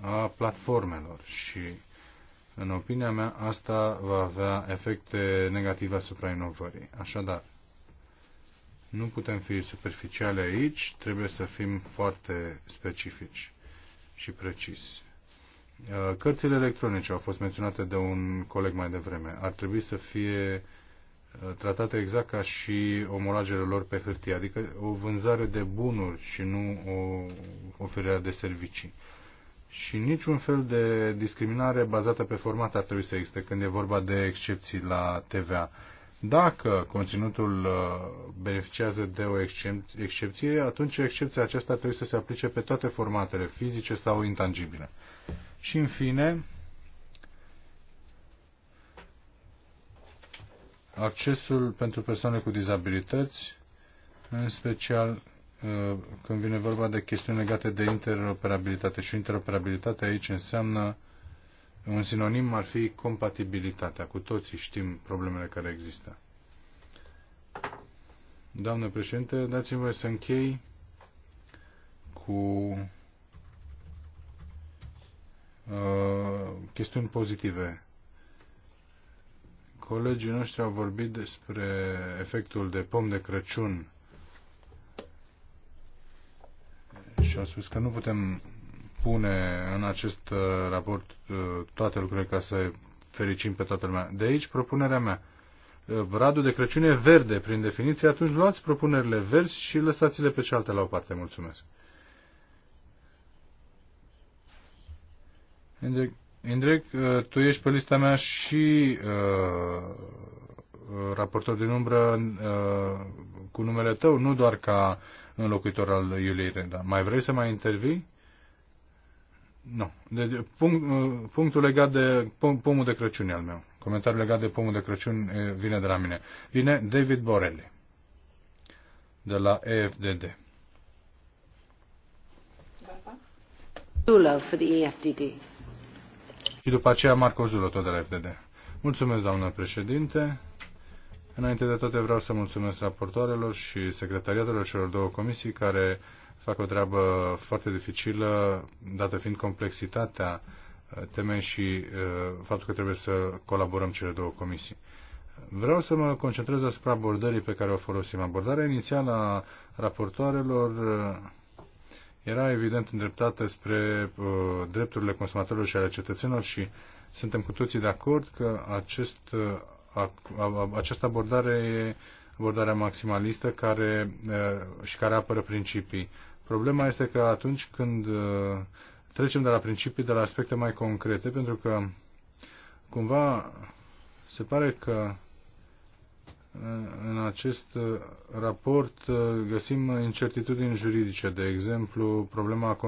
a platformelor și, în opinia mea, asta va avea efecte negative asupra inovării. Așadar, nu putem fi superficiale aici, trebuie să fim foarte specifici și precis. Cărțile electronice au fost menționate de un coleg mai devreme. Ar trebui să fie uh, Uh, tratate exact ca și omoragele lor pe hârtie, adică o vânzare de bunuri și nu o oferire de servicii. Și niciun fel de discriminare bazată pe format ar trebui să existe când e vorba de excepții la TVA. Dacă conținutul uh, beneficiază de o excepție, atunci excepția aceasta trebuie să se aplice pe toate formatele, fizice sau intangibile. Și în fine, accesul pentru persoane cu dizabilități, în special uh, când vine vorba de chestiuni legate de interoperabilitate. Și interoperabilitate aici înseamnă un sinonim ar fi compatibilitatea. Cu toții știm problemele care există. Doamne președinte, dați-mi voie să închei cu uh, chestiuni pozitive. Colegii noștri au vorbit despre efectul de pom de Crăciun și au spus că nu putem pune în acest uh, raport uh, toate lucrurile ca să fericim pe toată lumea. De aici propunerea mea. Uh, radul de Crăciun e verde, prin definiție, atunci luați propunerile verzi și lăsați-le pe cealaltă la o parte. Mulțumesc. Hendrik, Indrek, uh, tu ești pe lista mea și uh, raportor din umbră uh, cu numele tău, nu doar ca înlocuitor al Iuliei Renda. Mai vrei să mai intervii? Nu. De, de, punct, uh, punctul legat de pom, pomul de Crăciun al meu. Comentariul legat de pomul de Crăciun e, vine de la mine. Vine David Borelli de la EFDD. Dula uh, for the EFDD și după aceea Marco Zulo, tot de la FDD. Mulțumesc, doamnă președinte. Înainte de toate vreau să mulțumesc raportoarelor și secretariatelor celor două comisii care fac o treabă foarte dificilă, dată fiind complexitatea uh, temei și uh, faptul că trebuie să colaborăm cele două comisii. Vreau să mă concentrez asupra abordării pe care o folosim. Abordarea inițială a raportoarelor uh, era evident îndreptată spre uh, drepturile consumatorilor și ale cetățenilor și suntem cu toții de acord că acest, uh, această abordare e abordarea maximalistă care, uh, și care apără principii. Problema este că atunci când uh, trecem de la principii, de la aspecte mai concrete, pentru că cumva se pare că în acest uh, raport uh, găsim incertitudini juridice, de exemplu problema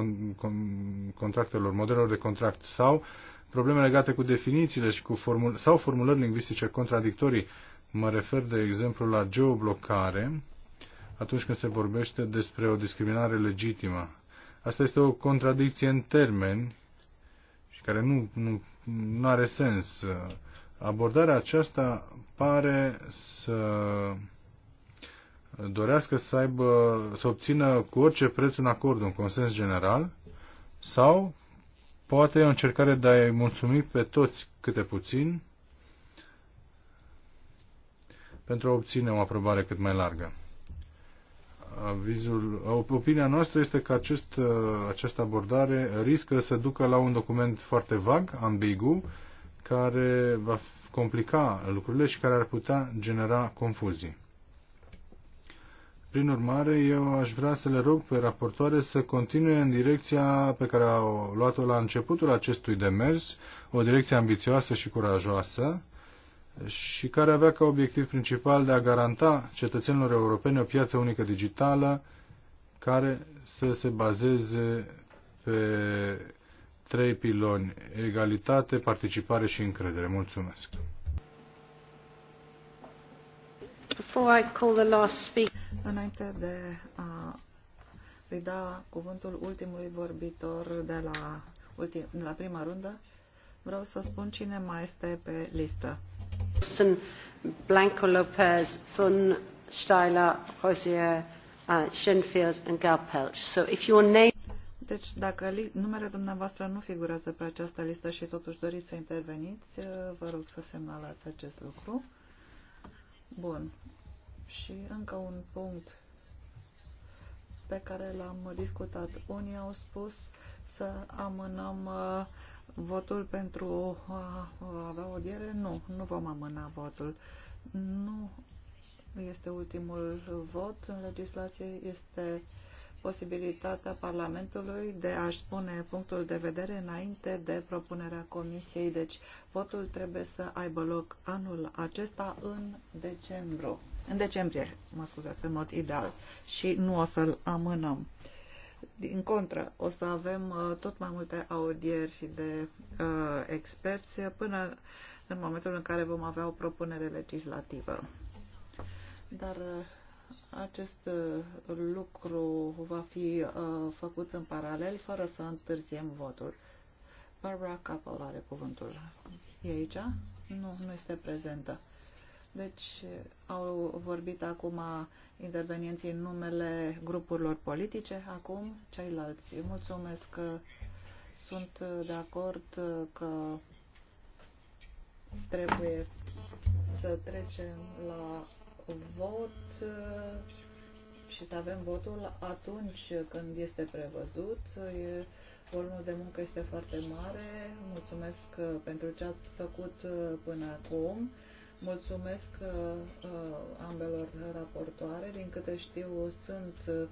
contractelor, modelelor de contract sau probleme legate cu definițiile și cu formul- sau formulări lingvistice contradictorii. Mă refer, de exemplu, la geoblocare atunci când se vorbește despre o discriminare legitimă. Asta este o contradicție în termeni și care nu, nu, nu are sens. Abordarea aceasta pare să dorească să, aibă, să obțină cu orice preț un acord, un consens general, sau poate e o încercare de a-i mulțumi pe toți câte puțin pentru a obține o aprobare cât mai largă. Avizul, opinia noastră este că acest, această abordare riscă să ducă la un document foarte vag, ambigu, care va complica lucrurile și care ar putea genera confuzii. Prin urmare, eu aș vrea să le rog pe raportoare să continue în direcția pe care au luat-o la începutul acestui demers, o direcție ambițioasă și curajoasă, și care avea ca obiectiv principal de a garanta cetățenilor europene o piață unică digitală care să se bazeze pe trei piloni, egalitate, participare și încredere. Mulțumesc! I call the last Înainte de a îi da cuvântul ultimului vorbitor de la, ultim, de la prima rundă, vreau să spun cine mai este pe listă. Sunt Blanco Lopez, Thun, Steiler, Rosier, uh, și and Galpelch. So if your name deci, dacă numele dumneavoastră nu figurează pe această listă și totuși doriți să interveniți, eh, vă rog să semnalați acest lucru. Bun. Și încă un punct pe care l-am discutat. Unii au spus să amânăm eh, votul pentru a avea audiere. Nu, nu vom amâna votul. Nu este ultimul vot în legislație, este uh, posibilitatea Parlamentului de a-și spune punctul de vedere înainte de propunerea Comisiei. Deci votul trebuie să aibă loc anul acesta în decembrie. În decembrie, mă scuzați, în mod ideal. Și nu o să-l amânăm. Din contră, o să avem uh, tot mai multe audieri de uh, experți până în momentul în care vom avea o propunere legislativă. Dar uh, acest uh, lucru va fi uh, făcut în paralel, fără să întârziem votul. Barbara Capel are cuvântul. E aici? Nu, nu este prezentă. Deci au vorbit acum intervenienții în numele grupurilor politice, acum ceilalți. Mulțumesc că sunt de acord uh, că trebuie să trecem la vot uh, și să avem votul atunci când este prevăzut. Volumul de muncă este foarte mare. Mulțumesc uh, pentru ce ați făcut uh, până acum. Mulțumesc ambelor raportoare. Din câte știu, sunt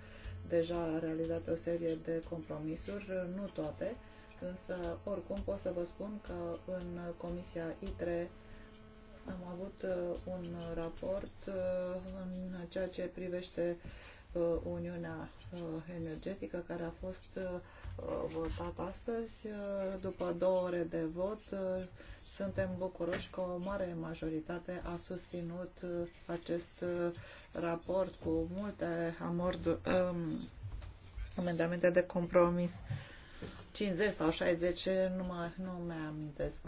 deja realizate o serie de compromisuri, nu toate, însă oricum pot să vă spun că în Comisia ITRE am avut uh, un raport uh, în ceea ce privește uh, Uniunea Energetică care a fost votat astăzi. După două ore de vot, suntem bucuroși că o mare majoritate a susținut acest raport cu multe um, amendamente de compromis. 50 sau 60, nu mă, nu mă amintesc.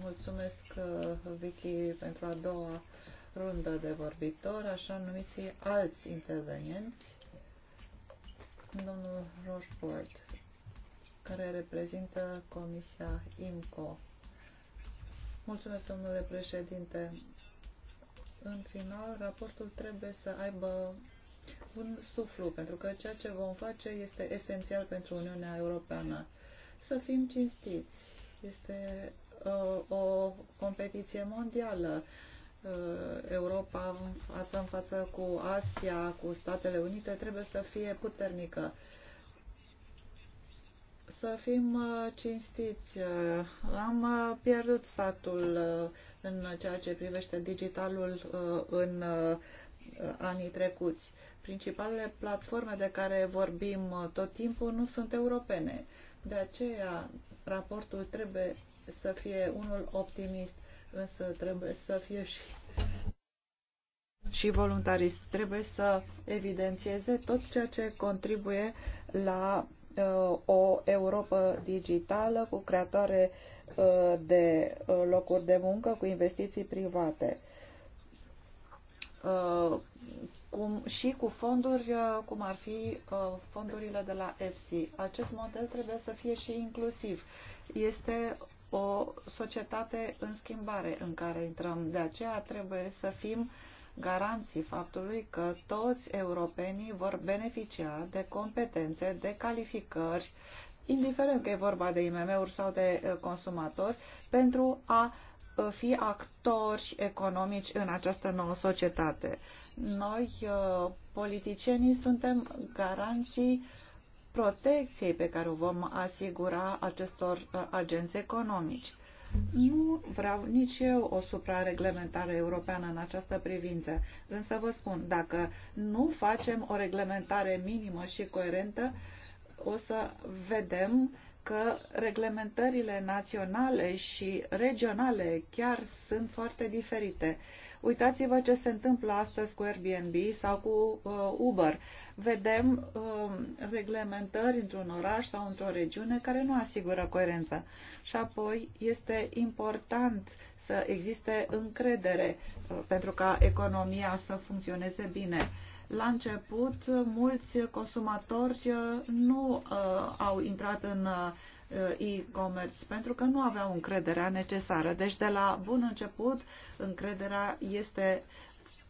Mulțumesc, uh, Vicky, pentru a doua rundă de vorbitor. așa numiți alți intervenienți. Domnul Roșport, care reprezintă Comisia IMCO. Mulțumesc, domnule președinte. În final, raportul trebuie să aibă un suflu, pentru că ceea ce vom face este esențial pentru Uniunea Europeană. Să fim cinstiți. Este Uh, o competiție mondială. Uh, Europa față în față cu Asia, cu Statele Unite, trebuie să fie puternică. Să fim uh, cinstiți. Am pierdut statul în ceea ce privește digitalul în anii trecuți. Principalele platforme de care vorbim tot timpul nu sunt europene. De aceea, raportul trebuie să fie unul optimist, însă trebuie să fie și și voluntarist. Trebuie să evidențieze tot ceea ce contribuie la uh, o Europa digitală cu creatoare uh, de uh, locuri de muncă, cu investiții private. Uh, cum, și cu fonduri uh, cum ar fi uh, fondurile de la EFSI. Acest model trebuie să fie și inclusiv. Este o societate în schimbare în care intrăm. De aceea trebuie să fim garanții faptului că toți europenii vor beneficia de competențe, de calificări, indiferent că e vorba de IMM-uri sau de uh, consumatori, pentru a fi actori economici în această nouă societate. Noi, uh, politicienii, suntem garanții protecției pe care o vom asigura acestor uh, agenți economici. Nu vreau nici eu o suprareglementare europeană în această privință, însă vă spun, dacă nu facem o reglementare minimă și coerentă, o să vedem că reglementările naționale și regionale chiar sunt foarte diferite. Uitați-vă ce se întâmplă astăzi cu Airbnb sau cu uh, Uber. Vedem uh, reglementări într-un oraș sau într-o regiune care nu asigură coerența. Și apoi este important să existe încredere uh, pentru ca economia să funcționeze bine. Uh, la început, mulți consumatori uh, nu uh, au intrat în uh, e-commerce pentru că nu aveau încrederea necesară. Deci, de la bun început, încrederea este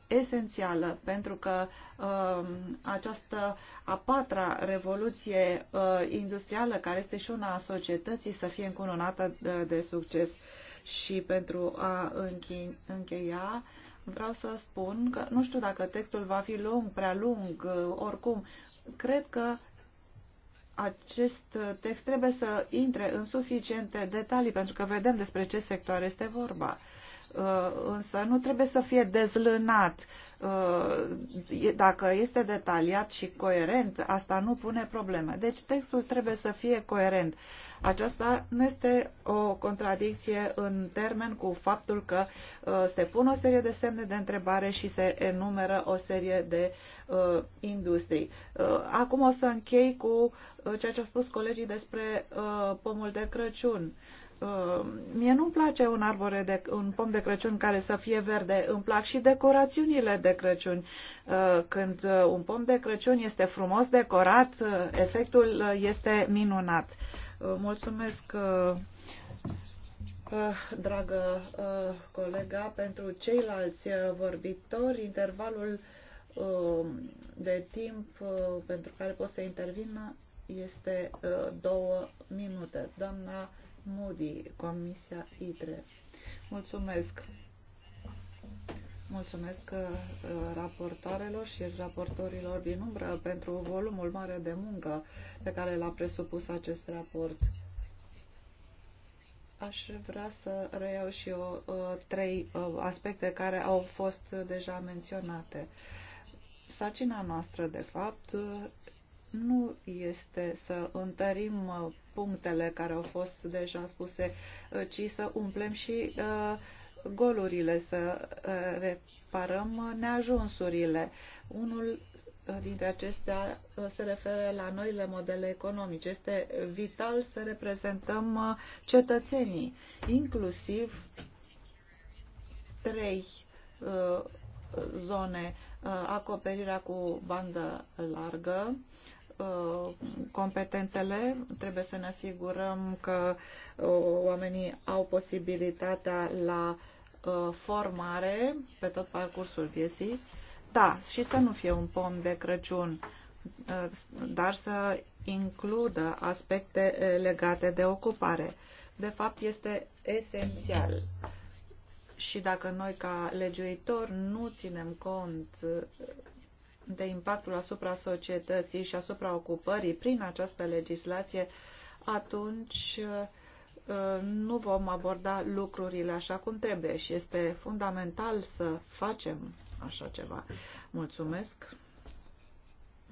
esențială pentru că uh, această a patra revoluție uh, industrială, care este și una a societății, să fie încununată de, uh, de succes. Și pentru a închi, încheia, uh, Vreau să spun că nu știu dacă textul va fi lung, prea lung, uh, oricum. Cred că acest text trebuie să intre în suficiente detalii, pentru că vedem despre ce sectoare este vorba. Uh, însă nu trebuie să fie dezlânat Uh, dacă este detaliat și coerent, asta nu pune probleme. Deci textul trebuie să fie coerent. Aceasta nu este o contradicție în termen cu faptul că uh, se pun o serie de semne de întrebare și se enumeră o serie de uh, industrii. Uh, acum o să închei cu uh, ceea ce au spus colegii despre uh, pomul de Crăciun. Uh, Uh, mie nu-mi place un arbore, de, un pom de Crăciun care să fie verde. Îmi plac și decorațiunile de Crăciun. Uh, când uh, un pom de Crăciun este frumos decorat, efectul este minunat. Mulțumesc, dragă colega, pentru ceilalți vorbitori. Intervalul de timp pentru care pot să intervin este două minute. Doamna Moody, Comisia idre Mulțumesc! Mulțumesc uh, raportoarelor și raportorilor din umbră pentru volumul mare de muncă pe care l-a presupus acest raport. Aș vrea să reiau și eu uh, trei uh, aspecte care au fost deja menționate. Sacina noastră, de fapt, nu este să întărim punctele care au fost deja spuse, uh, ci să umplem și uh, golurile, să uh, reparăm neajunsurile. Unul dintre acestea se referă la noile modele economice. Este vital să reprezentăm cetățenii, inclusiv trei zone, acoperirea cu bandă largă, Uh, competențele, trebuie să ne asigurăm că uh, oamenii au posibilitatea la uh, formare pe tot parcursul vieții. Da, și să nu fie un pom de Crăciun, dar să includă aspecte legate de ocupare. De fapt, este esențial și dacă noi ca legiuitor nu ținem cont de impactul asupra societății și asupra ocupării prin această legislație, atunci uh, nu vom aborda lucrurile așa cum trebuie și este fundamental să facem așa ceva. Mulțumesc.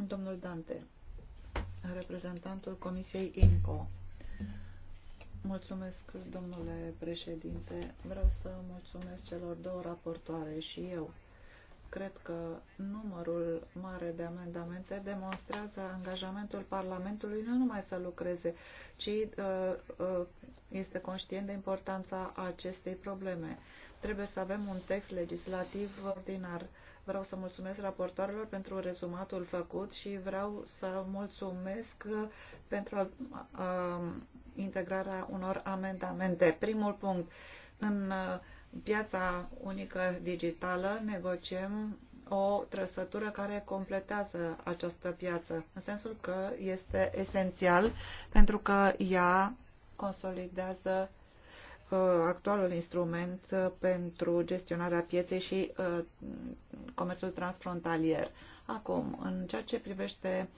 Domnul Dante, reprezentantul Comisiei INCO. Mulțumesc, domnule președinte. Vreau să mulțumesc celor două raportoare și eu Cred că numărul mare de amendamente demonstrează angajamentul Parlamentului nu numai să lucreze, ci uh, uh, este conștient de importanța acestei probleme. Trebuie să avem un text legislativ ordinar. Vreau să mulțumesc raportoarelor pentru rezumatul făcut și vreau să mulțumesc pentru uh, integrarea unor amendamente. Primul punct. În uh, piața unică digitală negociem o trăsătură care completează această piață, în sensul că este esențial pentru că ea consolidează uh, actualul instrument uh, pentru gestionarea pieței și uh, comerțul transfrontalier. Acum, în ceea ce privește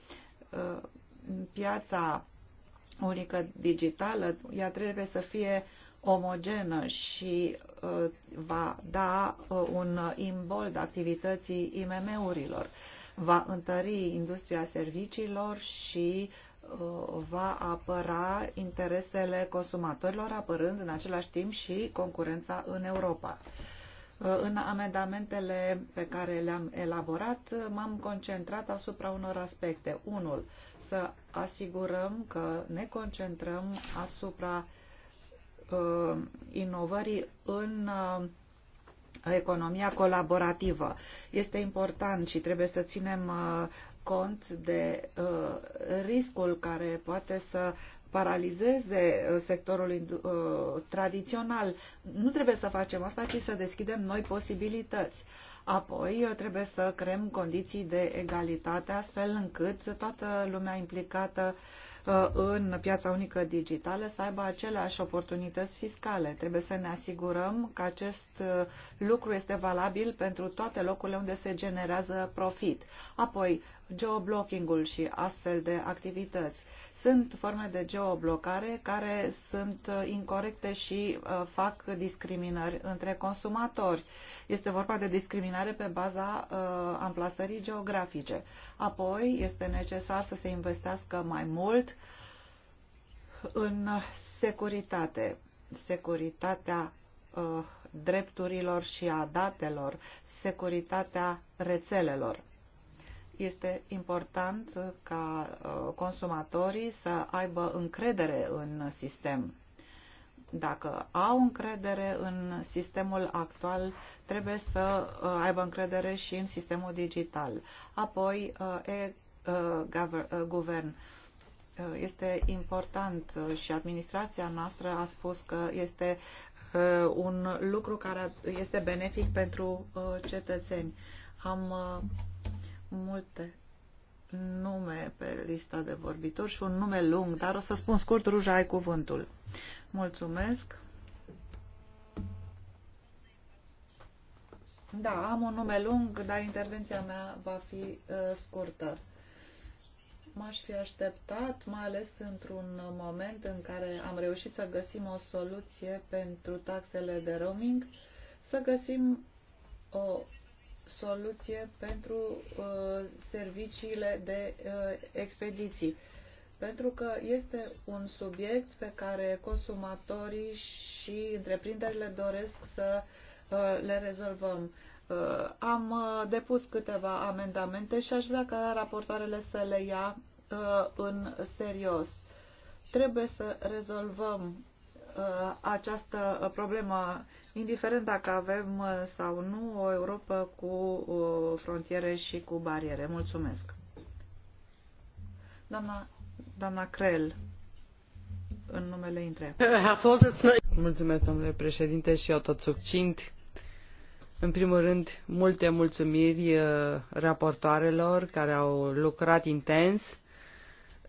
piața unică digitală, ea trebuie să fie omogenă și uh, va da uh, un imbold activității IMM-urilor, va întări industria serviciilor și uh, va apăra interesele consumatorilor, apărând în același timp și concurența în Europa. În amendamentele pe care le-am elaborat, m-am concentrat asupra unor aspecte. Unul, să asigurăm că ne concentrăm asupra uh, Uh, inovării în uh, economia colaborativă. Este important și trebuie să ținem uh, cont de riscul care poate să paralizeze sectorul tradițional. Nu trebuie să facem asta, ci să deschidem noi posibilități. Apoi trebuie să creăm condiții de egalitate astfel încât toată lumea implicată uh, Uh, în piața unică digitală să aibă aceleași oportunități fiscale. Trebuie să ne asigurăm că acest uh, lucru este valabil pentru toate locurile unde se generează profit. Apoi, geoblocking-ul și astfel de activități. Sunt forme de geoblocare care sunt uh, incorrecte și fac discriminări între consumatori. Este vorba de discriminare pe baza uh, amplasării geografice. Apoi, este necesar să se investească mai mult în securitate. Securitatea uh, drepturilor și a datelor, securitatea rețelelor este important ca uh, consumatorii să aibă încredere în sistem. Dacă au încredere în sistemul actual, trebuie să uh, aibă încredere și în sistemul digital. Apoi, uh, e uh, guvern. Este important și administrația noastră a spus că este un lucru care este benefic pentru cetățeni. Am multe nume pe lista de vorbitori și un nume lung, dar o să spun scurt, Ruja, ai cuvântul. Mulțumesc. Da, am un nume lung, dar intervenția mea va fi uh, scurtă. M-aș fi așteptat, mai ales într-un moment în care am reușit să găsim o soluție pentru taxele de roaming, să găsim o soluție pentru uh, serviciile de uh, expediții. Uh, pentru că este un subiect pe care consumatorii și întreprinderile doresc să uh, le rezolvăm. Uh, am uh, depus câteva amendamente și aș vrea ca raportoarele să le ia în serios. Trebuie să rezolvăm această problemă, indiferent dacă avem sau nu o Europa cu frontiere și cu bariere. Mulțumesc! Doamna Doamna Crel, în numele întreabă. Mulțumesc, domnule președinte, și eu tot succint. În primul rând, multe mulțumiri uh, raportoarelor care au lucrat intens.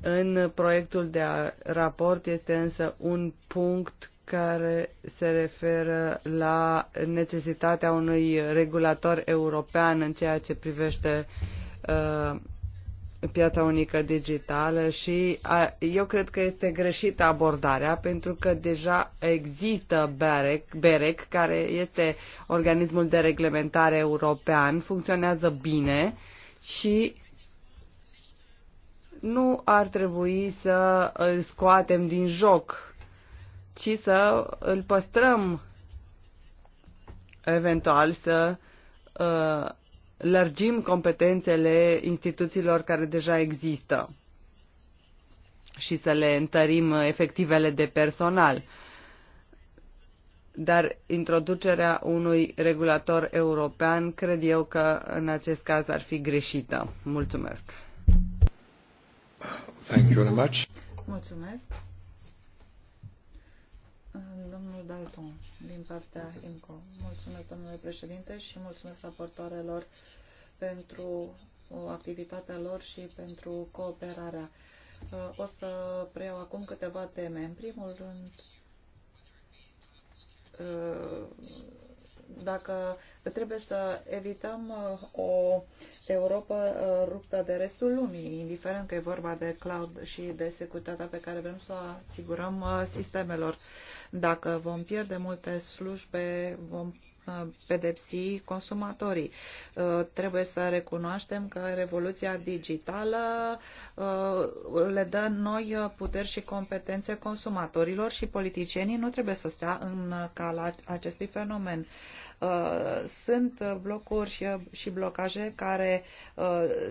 În proiectul de raport este însă un punct care se referă la necesitatea unui regulator european în ceea ce privește uh, piața unică digitală și a, eu cred că este greșită abordarea pentru că deja există BEREC, BEREC care este organismul de reglementare european, funcționează bine și nu ar trebui să îl scoatem din joc, ci să îl păstrăm eventual să uh, lărgim competențele instituțiilor care deja există și să le întărim efectivele de personal. Dar introducerea unui regulator european cred eu că în acest caz ar fi greșită. Mulțumesc. Thank you very much. Mulțumesc. Domnul Dalton, din partea IMCO. Mulțumesc, domnule președinte, și mulțumesc aportoarelor pentru uh, activitatea lor și pentru cooperarea. Uh, o să preiau acum câteva teme. În primul rând, uh, dacă trebuie să evităm o Europa ruptă de restul lumii, indiferent că e vorba de cloud și de securitatea pe care vrem să o asigurăm sistemelor. Dacă vom pierde multe slujbe, vom pedepsi consumatorii. Trebuie să recunoaștem că revoluția digitală le dă noi puteri și competențe consumatorilor și politicienii nu trebuie să stea în cal acestui fenomen. Sunt blocuri și blocaje care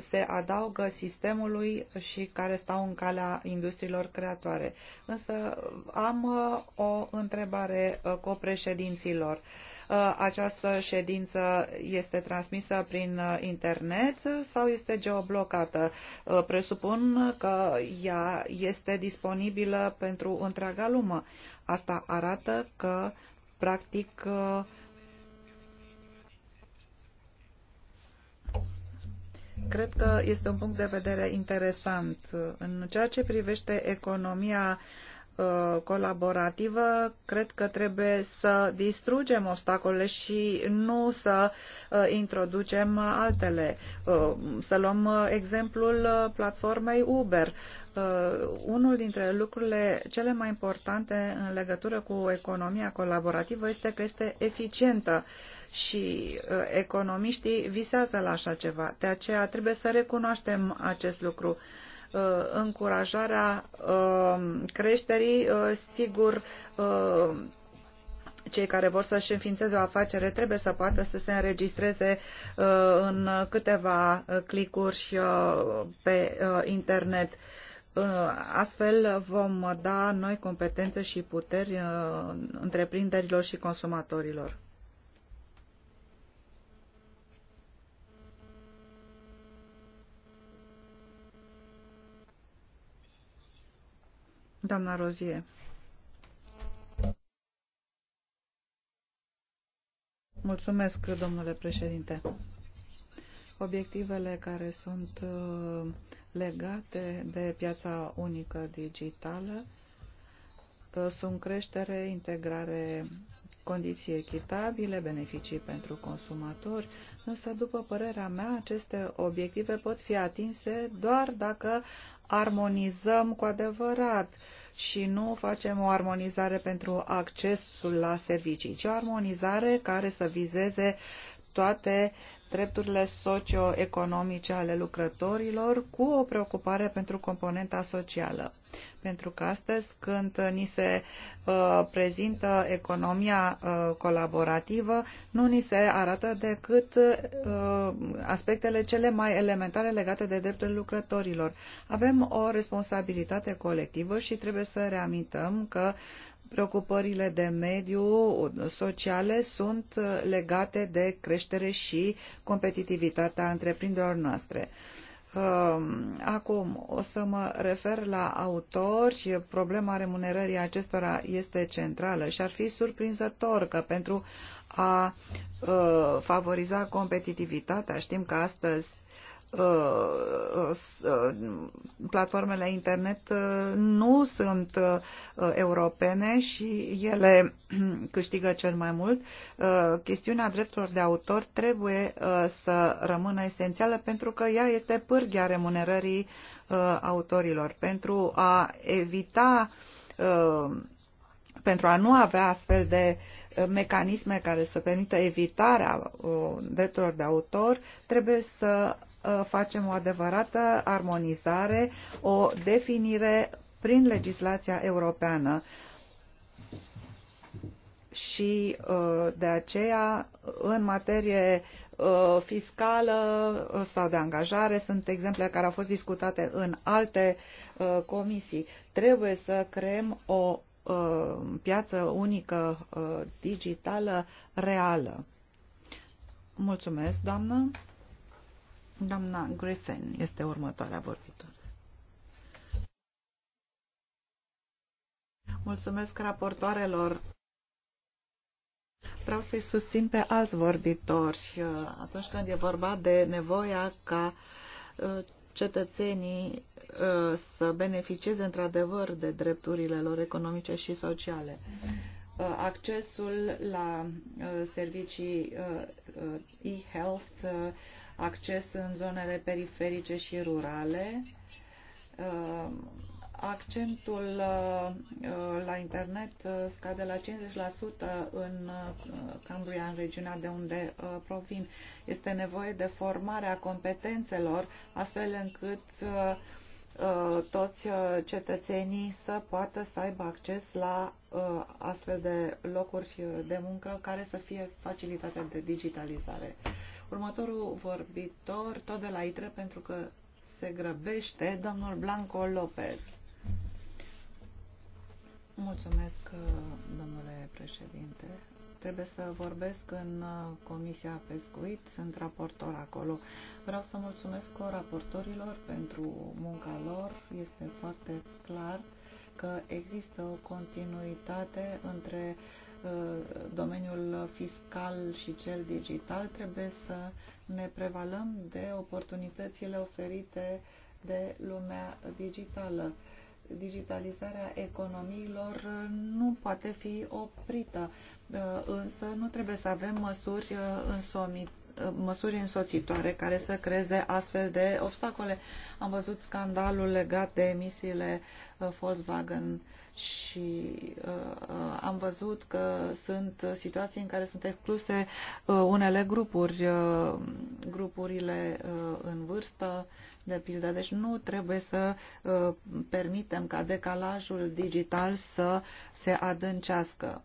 se adaugă sistemului și care stau în calea industriilor creatoare. Însă am o întrebare copreședinților. președinților Uh, această ședință este transmisă prin uh, internet sau este geoblocată. Uh, presupun că ea este disponibilă pentru întreaga lume. Asta arată că, practic, Cred că este un punct de vedere interesant. În ceea ce privește economia uh, Uh, colaborativă, cred că trebuie să distrugem obstacole și nu să uh, introducem altele. Uh, să luăm exemplul platformei Uber. Unul dintre lucrurile cele mai importante în legătură cu economia colaborativă este că este eficientă și economiștii visează la așa ceva. De aceea trebuie să recunoaștem acest lucru Uh, încurajarea uh, creșterii. Uh, sigur, cei care vor să-și înființeze o afacere trebuie să poată să se înregistreze în câteva clicuri pe internet. Astfel vom da noi competențe și puteri întreprinderilor și consumatorilor. Doamna Rozie. Mulțumesc, domnule președinte. Obiectivele care sunt uh, legate de piața unică digitală uh, sunt creștere, integrare, condiții echitabile, beneficii pentru consumatori, însă, după părerea mea, aceste obiective pot fi atinse doar dacă armonizăm cu adevărat uh, și nu facem o armonizare pentru accesul la servicii, ci o armonizare care să vizeze toate drepturile socioeconomice ale lucrătorilor cu o preocupare pentru componenta socială. Pentru că astăzi, când ni se uh, prezintă economia uh, colaborativă, nu ni se arată decât uh, aspectele cele mai elementare legate de drepturile lucrătorilor. Avem o responsabilitate colectivă și trebuie să reamintăm că preocupările de mediu sociale sunt uh, legate de creștere și competitivitatea întreprinderilor noastre. Um, acum, o să mă refer la autori. Problema remunerării acestora este centrală și ar fi surprinzător că pentru a uh, favoriza competitivitatea, știm că astăzi Uh, uh, platformele internet uh, nu sunt europene și ele câștigă cel mai mult. Chestiunea drepturilor de autor trebuie să rămână esențială pentru că ea este pârghia remunerării autorilor. Pentru a evita pentru a nu avea astfel de mecanisme care să permită evitarea drepturilor de autor, trebuie să Uh, facem o adevărată armonizare, o definire prin legislația europeană. Și uh, de aceea, în materie uh, fiscală sau de angajare, sunt exemple care au fost discutate în alte comisii. Trebuie să creăm o piață unică digitală reală. Mulțumesc, doamnă. Doamna Griffin este următoarea vorbitoare. Mulțumesc raportoarelor. Vreau să-i susțin pe alți vorbitori uh, atunci când e vorba de nevoia ca uh, cetățenii uh, să beneficieze într-adevăr de drepturile lor economice și sociale. Accesul la servicii e-health acces în zonele periferice și rurale, uh, accentul uh, uh, la internet scade la 50% în Cambria, în regiunea de unde provin. Este nevoie de formarea competențelor, astfel încât toți cetățenii să poată să aibă acces la astfel de locuri de muncă care să fie facilitate de digitalizare. Următorul vorbitor, tot de la ITRE, pentru că se grăbește, domnul Blanco Lopez. Mulțumesc, domnule președinte. Trebuie să vorbesc în uh, Comisia Pescuit, sunt raportor acolo. Vreau să mulțumesc raportorilor pentru munca lor. Este foarte clar că există o continuitate între uh, domeniul fiscal și cel digital, trebuie să ne prevalăm de oportunitățile oferite de lumea digitală. Digitalizarea economiilor nu poate fi oprită, însă nu trebuie să avem măsuri măsuri însoțitoare care să creeze astfel de obstacole. Am văzut scandalul legat de emisiile uh, Volkswagen și uh, uh, am văzut că sunt situații în care sunt excluse unele grupuri, grupurile în vârstă, de pildă. Deci nu trebuie să permitem ca decalajul digital să se adâncească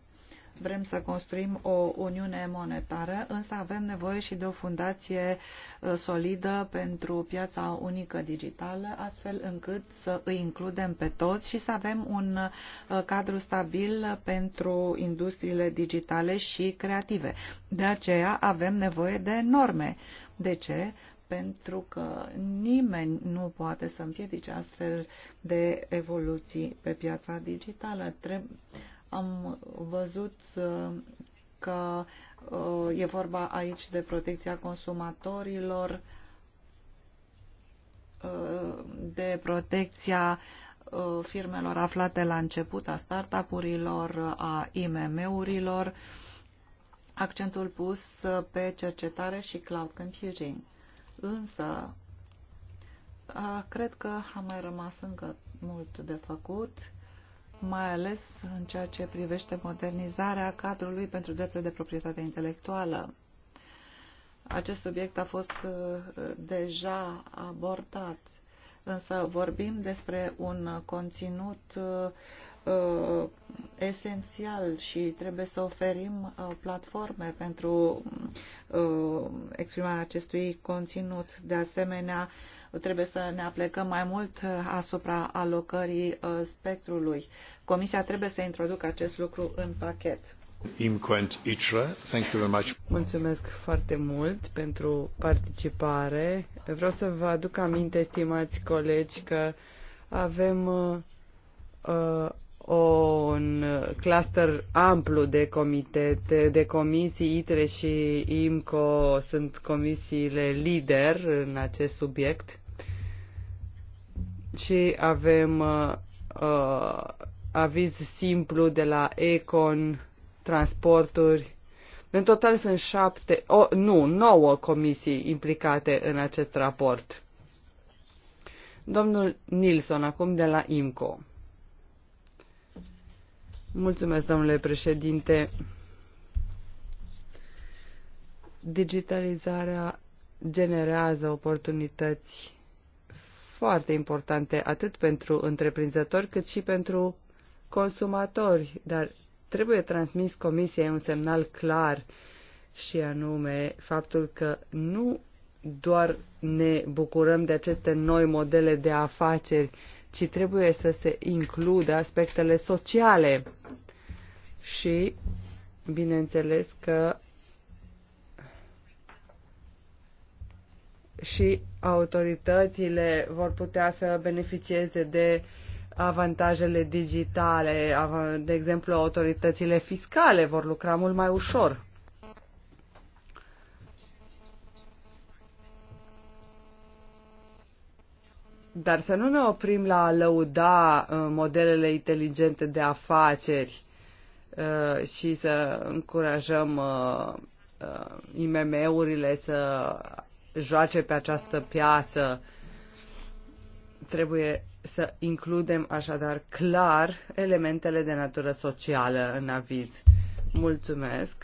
vrem să construim o uniune monetară, însă avem nevoie și de o fundație uh, solidă pentru piața unică digitală, astfel încât să îi includem pe toți și să avem un uh, cadru stabil pentru industriile digitale și creative. De aceea avem nevoie de norme. De ce? pentru că nimeni nu poate să împiedice astfel de evoluții pe piața digitală. Trebuie am văzut uh, că uh, e vorba aici de protecția consumatorilor, uh, de protecția firmelor aflate la început, a startup-urilor, a IMM-urilor, accentul pus pe cercetare și cloud computing. Însă, cred că a mai rămas încă mult de făcut mai ales în ceea ce privește modernizarea cadrului pentru drepturile de proprietate intelectuală. Acest subiect a fost uh, deja abordat, însă vorbim despre un conținut uh, uh, esențial și trebuie să oferim uh, platforme pentru uh, exprimarea acestui conținut. De asemenea, trebuie să ne aplecăm mai mult uh, asupra alocării uh, spectrului. Comisia trebuie să introducă acest lucru în pachet. Itra, thank you very much. Mulțumesc foarte mult pentru participare. Vreau să vă aduc aminte, stimați colegi, că avem uh, uh un cluster amplu de comitete, de comisii, ITRE și IMCO sunt comisiile lider în acest subiect și avem uh, uh, aviz simplu de la Econ, transporturi. În total sunt șapte, o, nu, nouă comisii implicate în acest raport. Domnul Nilsson, acum de la IMCO. Mulțumesc, domnule președinte. Digitalizarea generează oportunități foarte importante atât pentru întreprinzători cât și pentru consumatori, dar trebuie transmis Comisiei un semnal clar și anume faptul că nu doar ne bucurăm de aceste noi modele de afaceri, ci trebuie să se includă aspectele sociale. Și, bineînțeles că și autoritățile vor putea să beneficieze de avantajele digitale, de exemplu autoritățile fiscale vor lucra mult mai ușor Dar să nu ne oprim la a lăuda uh, modelele inteligente de afaceri uh, și să încurajăm uh, IMM-urile să joace pe această piață. Trebuie să includem așadar clar elementele de natură socială în aviz. Mulțumesc,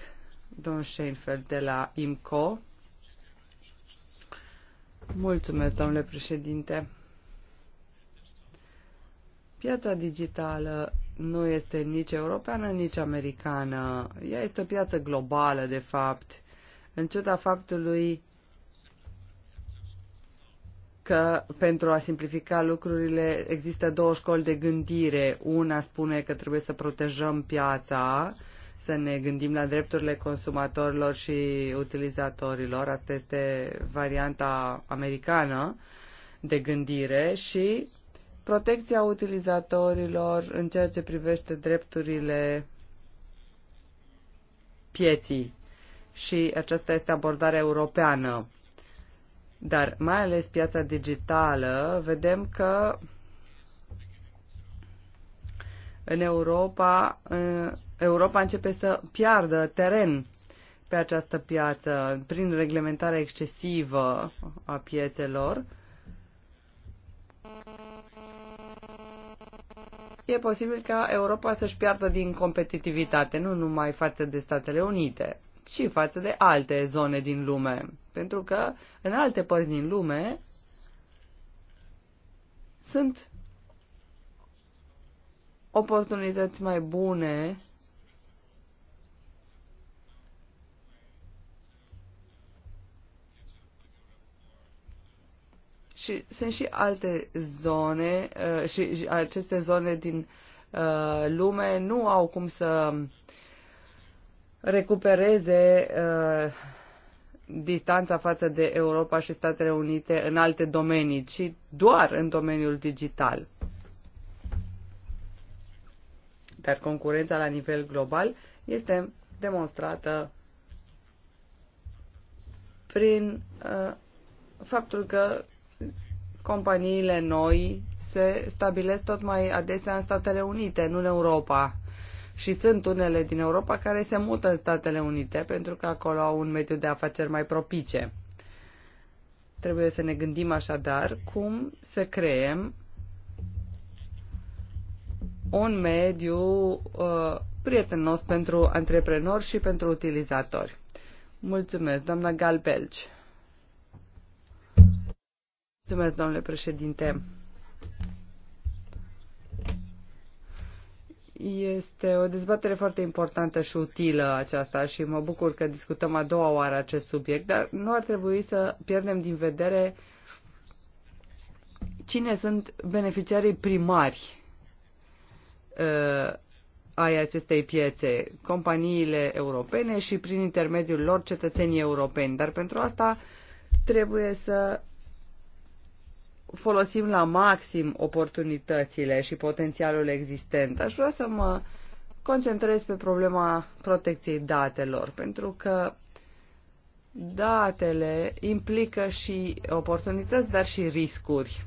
Don Sheinfeld de la IMCO. Mulțumesc, domnule președinte. Piața digitală nu este nici europeană, nici americană. Ea este o piață globală, de fapt. În ciuda faptului că pentru a simplifica lucrurile există două școli de gândire. Una spune că trebuie să protejăm piața, să ne gândim la drepturile consumatorilor și utilizatorilor. Asta este varianta americană de gândire și protecția utilizatorilor în ceea ce privește drepturile pieții. Și aceasta este abordarea europeană. Dar mai ales piața digitală, vedem că în Europa, Europa începe să piardă teren pe această piață prin reglementarea excesivă a piețelor e posibil ca Europa să-și piardă din competitivitate, nu numai față de Statele Unite, ci față de alte zone din lume. Pentru că în alte părți din lume sunt oportunități mai bune Și sunt și alte zone uh, și, și aceste zone din uh, lume nu au cum să recupereze uh, distanța față de Europa și Statele Unite în alte domenii, ci doar în domeniul digital. Dar concurența la nivel global este demonstrată prin uh, faptul că companiile noi se stabilesc tot mai adesea în Statele Unite, nu în Europa. Și sunt unele din Europa care se mută în Statele Unite pentru că acolo au un mediu de afaceri mai propice. Trebuie să ne gândim așadar cum să creem un mediu uh, prietenos pentru antreprenori și pentru utilizatori. Mulțumesc, doamna Galpelci. Mulțumesc, domnule președinte. Este o dezbatere foarte importantă și utilă aceasta și mă bucur că discutăm a doua oară acest subiect, dar nu ar trebui să pierdem din vedere cine sunt beneficiarii primari uh, ai acestei piețe, companiile europene și prin intermediul lor cetățenii europeni. Dar pentru asta trebuie să folosim la maxim oportunitățile și potențialul existent. Aș vrea să mă concentrez pe problema protecției datelor, pentru că datele implică și oportunități, dar și riscuri.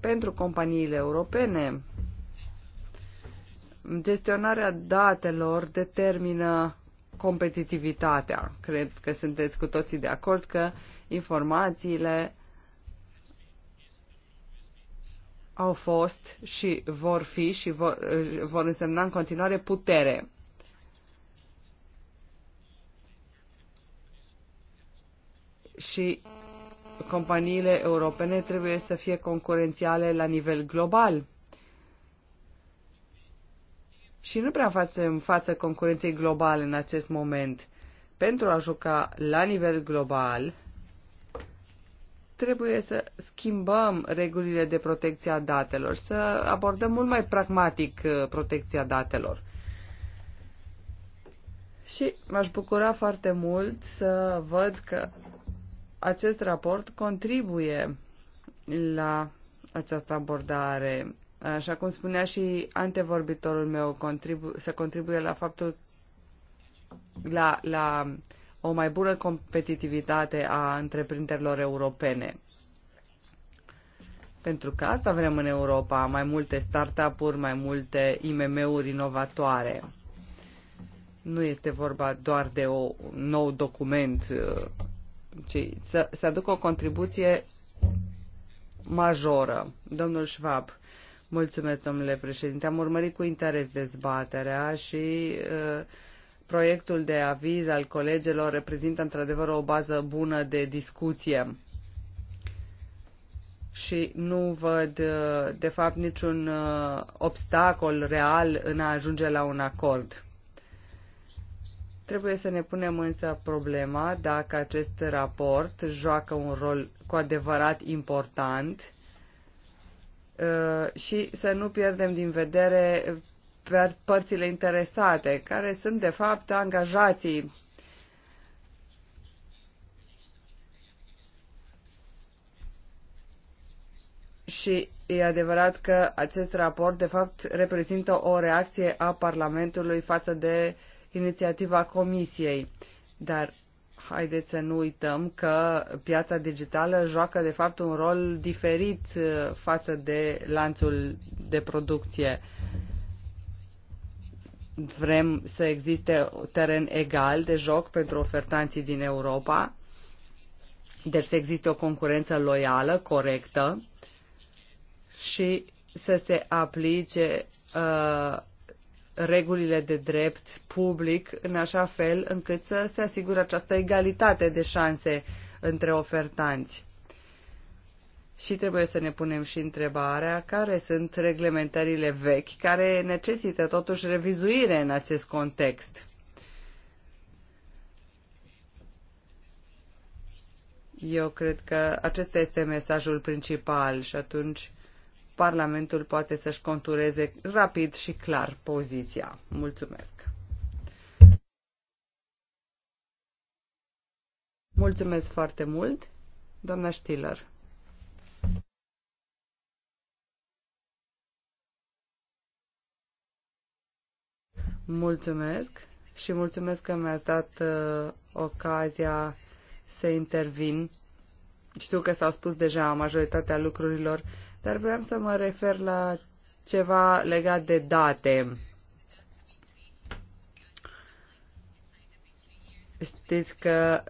Pentru companiile europene, gestionarea datelor determină competitivitatea. Cred că sunteți cu toții de acord că informațiile au fost și vor fi și vor, vor însemna în continuare putere. Și companiile europene trebuie să fie concurențiale la nivel global. Și nu prea facem față concurenței globale în acest moment. Pentru a juca la nivel global, trebuie să schimbăm regulile de protecție a datelor, să abordăm mult mai pragmatic uh, protecția datelor. Și m-aș bucura foarte mult să văd că acest raport contribuie la această abordare. Așa cum spunea și antevorbitorul meu, contribu- să contribuie la faptul la, la o mai bună competitivitate a întreprinderilor europene. Pentru că asta vrem în Europa, mai multe startup-uri, mai multe IMM-uri inovatoare. Nu este vorba doar de un nou document, eh, ci să, să aducă o contribuție majoră. Domnul Schwab, mulțumesc, domnule președinte. Am urmărit cu interes dezbaterea și uh, proiectul de aviz al colegilor reprezintă într-adevăr o bază bună de discuție și nu văd de fapt niciun uh, obstacol real în a ajunge la un acord. Trebuie să ne punem însă problema dacă acest raport joacă un rol cu adevărat important uh, și să nu pierdem din vedere părțile interesate, care sunt de fapt angajații și e adevărat că acest raport, de fapt, reprezintă o reacție a Parlamentului față de inițiativa Comisiei. Dar haideți să nu uităm că piața digitală joacă, de fapt, un rol diferit uh, față de lanțul de producție vrem să existe teren egal de joc pentru ofertanții din Europa, deci să existe o concurență loială, corectă și să se aplice uh, regulile de drept public în așa fel încât să se asigure această egalitate de șanse între ofertanți și trebuie să ne punem și întrebarea care sunt reglementările vechi care necesită totuși revizuire în acest context. Eu cred că acesta este mesajul principal și atunci Parlamentul poate să-și contureze rapid și clar poziția. Mulțumesc! Mulțumesc foarte mult, doamna Stiller. Mulțumesc și mulțumesc că mi-ați dat uh, ocazia să intervin. Știu că s-au spus deja majoritatea lucrurilor, dar vreau să mă refer la ceva legat de date. Știți că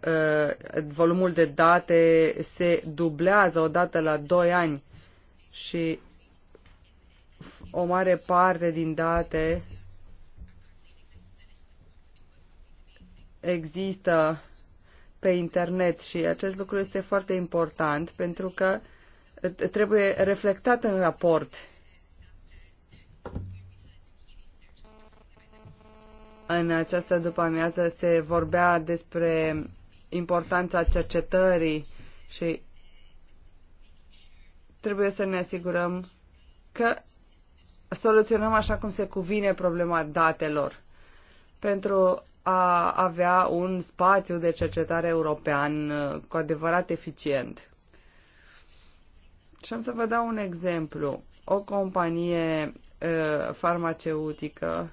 uh, volumul de date se dublează odată la 2 ani și o mare parte din date există pe internet și acest lucru este foarte important pentru că trebuie reflectat în raport. În această după-amiază se vorbea despre importanța cercetării și trebuie să ne asigurăm că soluționăm așa cum se cuvine problema datelor. Pentru a avea un spațiu de cercetare european uh, cu adevărat eficient. Și am să vă dau un exemplu. O companie uh, farmaceutică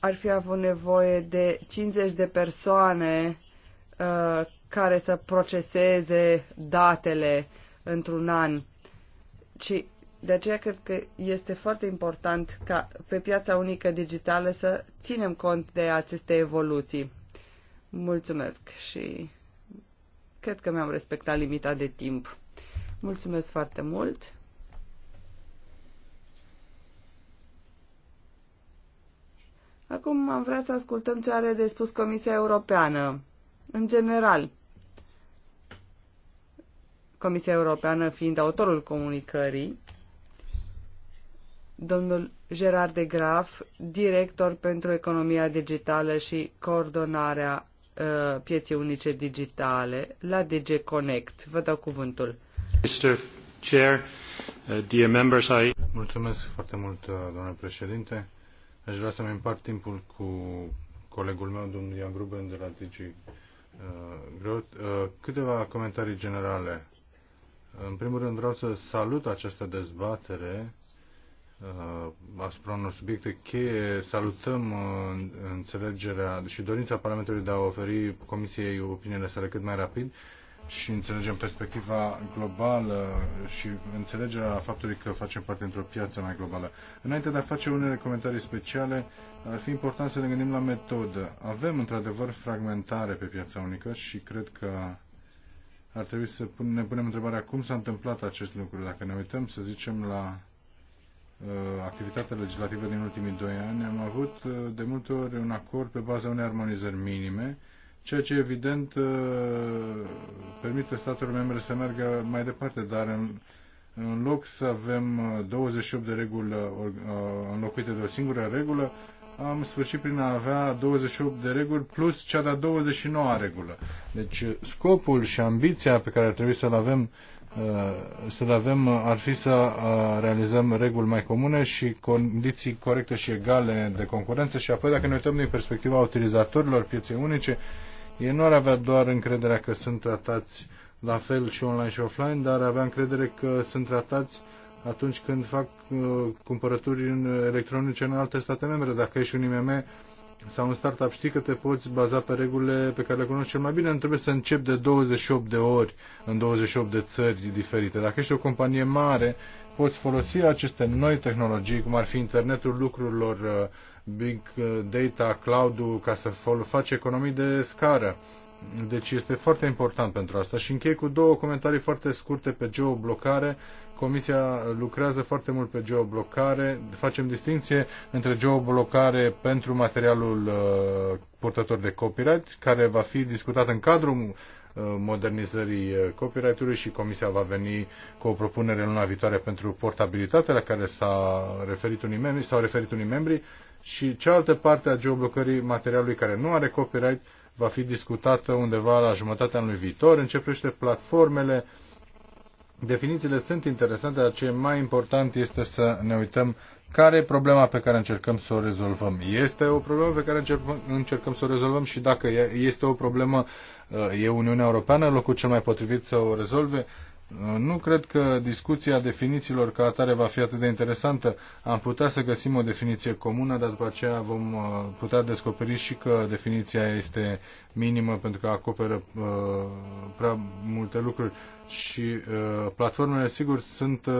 ar fi avut nevoie de 50 de persoane uh, care să proceseze datele într-un an. Și de aceea cred că este foarte important ca pe piața unică digitală să ținem cont de aceste evoluții. Mulțumesc și cred că mi-am respectat limita de timp. Mulțumesc foarte mult! Acum am vrea să ascultăm ce are de spus Comisia Europeană, în general. Comisia Europeană fiind autorul comunicării, domnul Gerard de Graf, director pentru economia digitală și coordonarea uh, pieței unice digitale la DG Connect. Vă dau cuvântul. Mr. Chair, uh, dear members, I... Mulțumesc foarte mult, uh, domnule președinte. Aș vrea să-mi împart timpul cu colegul meu, domnul Ian Gruben, de la DG uh, Growth. Uh, câteva comentarii generale. În primul rând vreau să salut această dezbatere Uh, asupra unor subiecte cheie. Salutăm uh, înțelegerea și dorința Parlamentului de a oferi Comisiei opiniile sale cât mai rapid și înțelegem perspectiva globală și înțelegerea faptului că facem parte într-o piață mai globală. Înainte de a face unele comentarii speciale, ar fi important să ne gândim la metodă. Avem într-adevăr fragmentare pe piața unică și cred că ar trebui să ne punem întrebarea cum s-a întâmplat acest lucru. Dacă ne uităm, să zicem, la Uh, activitatea legislativă din ultimii doi ani, am avut uh, de multe ori un acord pe baza unei armonizări minime, ceea ce evident uh, permite statelor membre să meargă mai departe, dar în, în loc să avem 28 de reguli înlocuite de o singură regulă, am sfârșit prin a avea 28 de reguli plus cea de-a 29-a regulă. Deci scopul și ambiția pe care ar trebui să-l avem Uh, să le avem uh, ar fi să uh, realizăm reguli mai comune și condiții corecte și egale de concurență și apoi dacă ne uităm din perspectiva utilizatorilor pieței unice, ei nu ar avea doar încrederea că sunt tratați la fel și online și offline, dar ar avea încredere că sunt tratați atunci când fac cumpărături electronice în alte state membre. Dacă ești un IMM, sau un startup știi că te poți baza pe regulile pe care le cunoști cel mai bine, nu trebuie să începi de 28 de ori în 28 de țări diferite. Dacă ești o companie mare, poți folosi aceste noi tehnologii, cum ar fi internetul lucrurilor, uh, big uh, data, cloud-ul, ca să faci economii de scară. Deci este foarte important pentru asta. Și închei cu două comentarii foarte scurte pe geoblocare Comisia lucrează foarte mult pe geoblocare. Facem distinție între geoblocare pentru materialul uh, purtător de copyright, care va fi discutat în cadrul uh, modernizării uh, copyright-ului și Comisia va veni cu o propunere în luna viitoare pentru portabilitatea la care s-a referit unii membri, s-au referit unii membri și cealaltă parte a geoblocării materialului care nu are copyright va fi discutată undeva la jumătatea anului viitor. Începește platformele uh, Definițiile sunt interesante, dar ce e mai important este să ne uităm care e problema pe care încercăm să o rezolvăm. Este o problemă pe care încercăm, încercăm să o rezolvăm și dacă este o problemă, uh, e Uniunea Europeană locul cel mai potrivit să o rezolve? Uh, nu cred că discuția definițiilor ca atare va fi atât de interesantă. Am putea să găsim o definiție comună, dar după aceea vom uh, putea descoperi și că definiția este minimă pentru că acoperă prea multe lucruri și uh, platformele, sigur, sunt uh,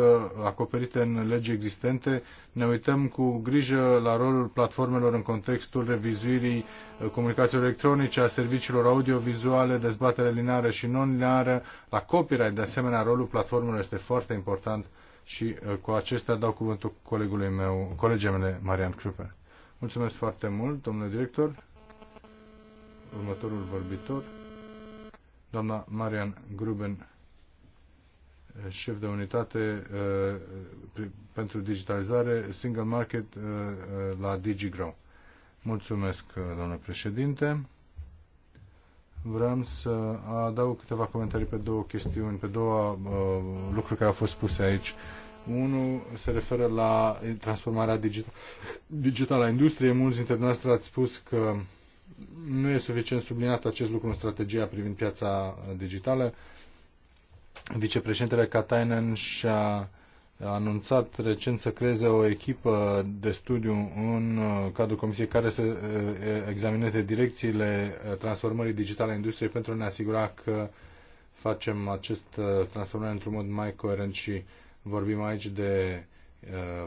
acoperite în legi existente. Ne uităm cu grijă la rolul platformelor în contextul revizuirii uh, comunicațiilor electronice, a serviciilor audiovizuale, dezbatere lineară și non-lineară, la copyright. De asemenea, rolul platformelor este foarte important și uh, cu acestea dau cuvântul colegului meu, colegii mele, Marian Kruper. Mulțumesc foarte mult, domnule director. Următorul vorbitor, doamna Marian Gruben șef de unitate uh, pentru digitalizare Single Market uh, uh, la DigiGrow. Mulțumesc, domnule președinte. Vreau să adaug câteva comentarii pe două chestiuni, pe două lucruri care au fost spuse aici. Unul se referă la transformarea digitală digital a industriei. Mulți dintre noastre ați spus că nu e suficient subliniat acest lucru în strategia privind piața digitală Vicepreședintele Katainen și-a anunțat recent să creeze o echipă de studiu în uh, cadrul Comisiei care să uh, examineze direcțiile uh, transformării digitale a industriei pentru a ne asigura că facem acest transformare într-un mod mai coerent și vorbim aici de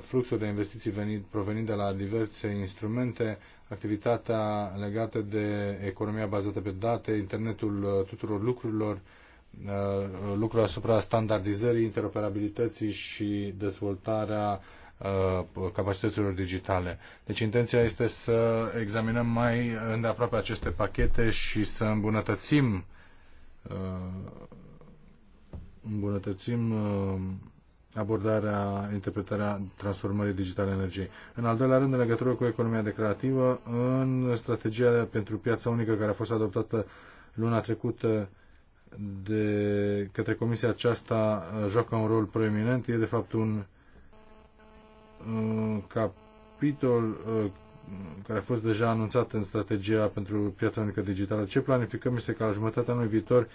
fluxul de investiții venit, provenind de la diverse instrumente, activitatea legată de economia bazată pe date, internetul tuturor lucrurilor, Uh, lucrul asupra standardizării, interoperabilității și dezvoltarea uh, capacităților digitale. Deci intenția este să examinăm mai îndeaproape aceste pachete și să îmbunătățim uh, îmbunătățim abordarea, interpretarea transformării digitale energiei. În al doilea rând, în legătură cu economia declarativă, în strategia pentru piața unică care a fost adoptată luna trecută de către comisia aceasta uh, joacă un rol proeminent. E de fapt un uh, capitol uh, care a fost deja anunțat în strategia pentru piața unică digitală. Ce planificăm este ca la jumătatea anului viitor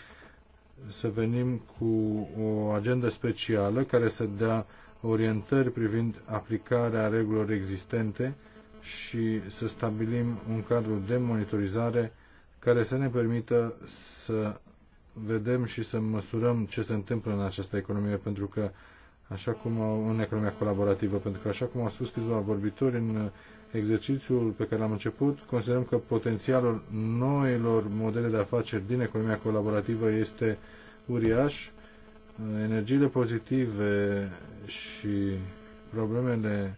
să venim cu o agendă specială care să dea orientări privind aplicarea regulilor existente și să stabilim un cadru de monitorizare care să ne permită să vedem și să măsurăm ce se întâmplă în această economie, pentru că, așa cum au, în economia colaborativă, pentru că, așa cum au spus câțiva vorbitori, în exercițiul pe care l-am început, considerăm că potențialul noilor modele de afaceri din economia colaborativă este uriaș. Energiile pozitive și problemele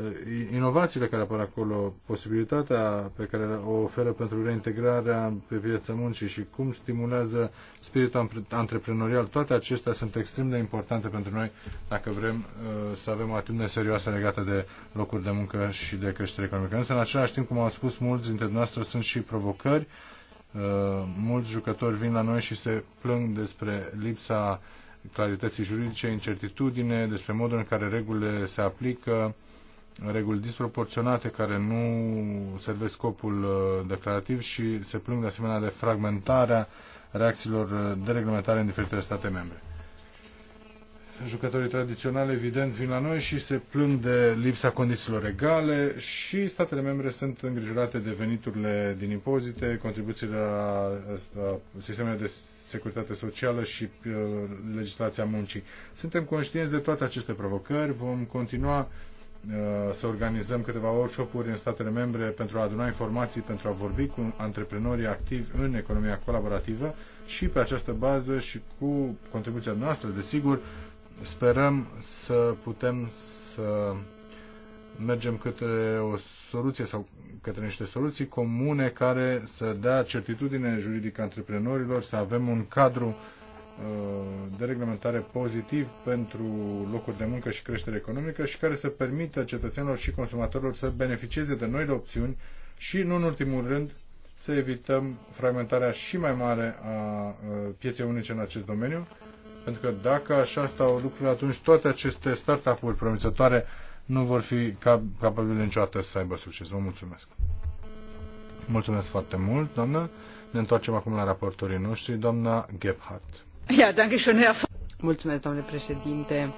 Eh, inovațiile care apar acolo, posibilitatea pe care o oferă pentru reintegrarea pe piața muncii și cum stimulează spiritul antreprenorial, toate acestea sunt extrem de importante pentru noi dacă vrem eh, să avem o atitudine serioasă legată de locuri de muncă și de creștere economică. Însă, în același timp, cum au spus mulți dintre noastre, sunt și provocări. Eh, mulți jucători vin la noi și se plâng despre lipsa clarității juridice, incertitudine, despre modul în care regulile se aplică, reguli disproporționate care nu servesc scopul uh, declarativ și se plâng de asemenea de fragmentarea reacțiilor uh, de reglementare în diferitele state membre. Jucătorii tradiționali, evident, vin la noi și se plâng de lipsa condițiilor egale și statele membre sunt îngrijorate de veniturile din impozite, contribuțiile la, sistemele de securitate socială și uh, legislația muncii. Suntem conștienți de toate aceste provocări, vom continua Uh, să organizăm câteva workshop-uri în statele membre pentru a aduna informații, pentru a vorbi cu antreprenorii activi în economia colaborativă și pe această bază și cu contribuția noastră, desigur, sperăm să putem să mergem către o soluție sau către niște soluții comune care să dea certitudine juridică antreprenorilor, să avem un cadru uh, Uh, de reglementare pozitiv pentru locuri de muncă și creștere economică și care să permită cetățenilor și consumatorilor să beneficieze de noile opțiuni și, nu în ultimul rând, să evităm fragmentarea și mai mare a uh, pieței unice în acest domeniu, pentru că dacă așa stau lucrurile, atunci toate aceste startup-uri promițătoare nu vor fi capabile niciodată să aibă succes. Vă mulțumesc! Mulțumesc foarte mult, doamnă! Ne întoarcem acum la raportorii noștri, doamna Gebhardt. Mulțumesc, domnule președinte.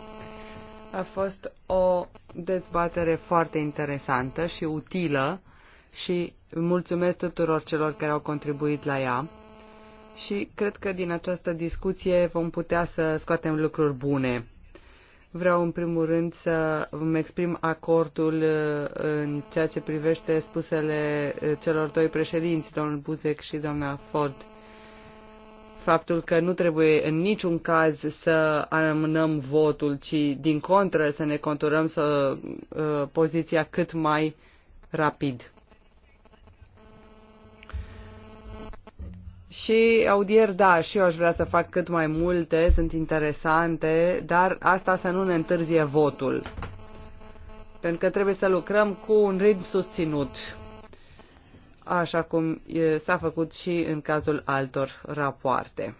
A fost o dezbatere foarte interesantă și utilă și mulțumesc tuturor celor care au contribuit la ea. Și cred că din această discuție vom putea să scoatem lucruri bune. Vreau în primul rând să îmi exprim acordul uh, în ceea ce privește spusele uh, celor doi președinți, domnul Buzek și doamna Ford faptul că nu trebuie în niciun caz să amânăm votul, ci din contră să ne conturăm să, uh, poziția cât mai rapid. Și audieri, da, și eu aș vrea să fac cât mai multe, sunt interesante, dar asta să nu ne întârzie votul. Pentru că trebuie să lucrăm cu un ritm susținut așa cum s-a făcut și în cazul altor rapoarte,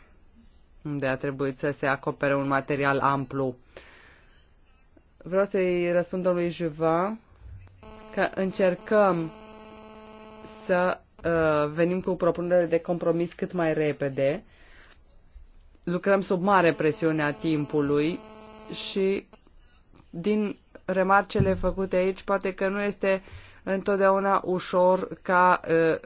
unde a trebuit să se acopere un material amplu. Vreau să-i răspund domnului Juva că încercăm să uh, venim cu propunere de compromis cât mai repede. Lucrăm sub mare presiune a timpului și din remarcele făcute aici poate că nu este uh, întotdeauna ușor ca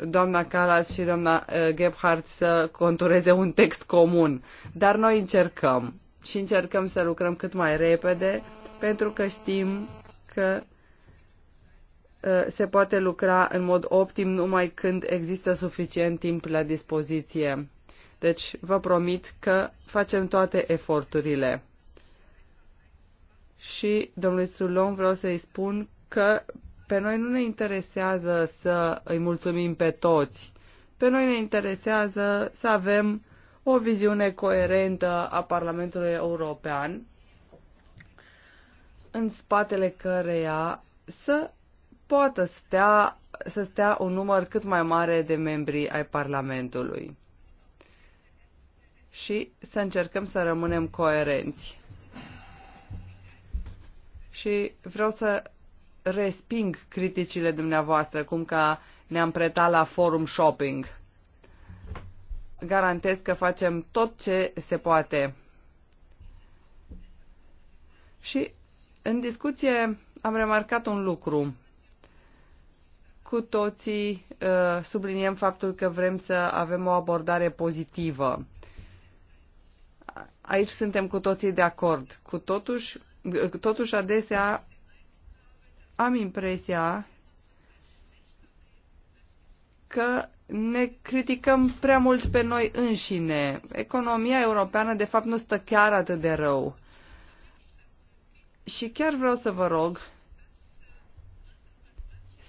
doamna Calas și doamna Gebhardt să contureze un text comun. Dar noi încercăm și încercăm să lucrăm cât mai repede pentru că știm că se poate lucra în mod optim numai când există suficient timp la dispoziție. Deci vă promit că facem toate eforturile. Și domnului Sulon vreau să-i spun că pe noi nu ne interesează să îi mulțumim pe toți. Pe noi ne interesează să avem o viziune coerentă a Parlamentului European, în spatele căreia să poată stea, să stea un număr cât mai mare de membri ai Parlamentului și să încercăm să rămânem coerenți. Și vreau să resping criticile dumneavoastră, cum că ne-am pretat la forum shopping. Garantez că facem tot ce se poate. Și în discuție am remarcat un lucru. Cu toții uh, subliniem faptul că vrem să avem o abordare pozitivă. Aici suntem cu toții de acord. Cu totuși, totuși adesea am impresia că ne criticăm prea mult pe noi înșine. Economia europeană, de fapt, nu stă chiar atât de rău. Și chiar vreau să vă rog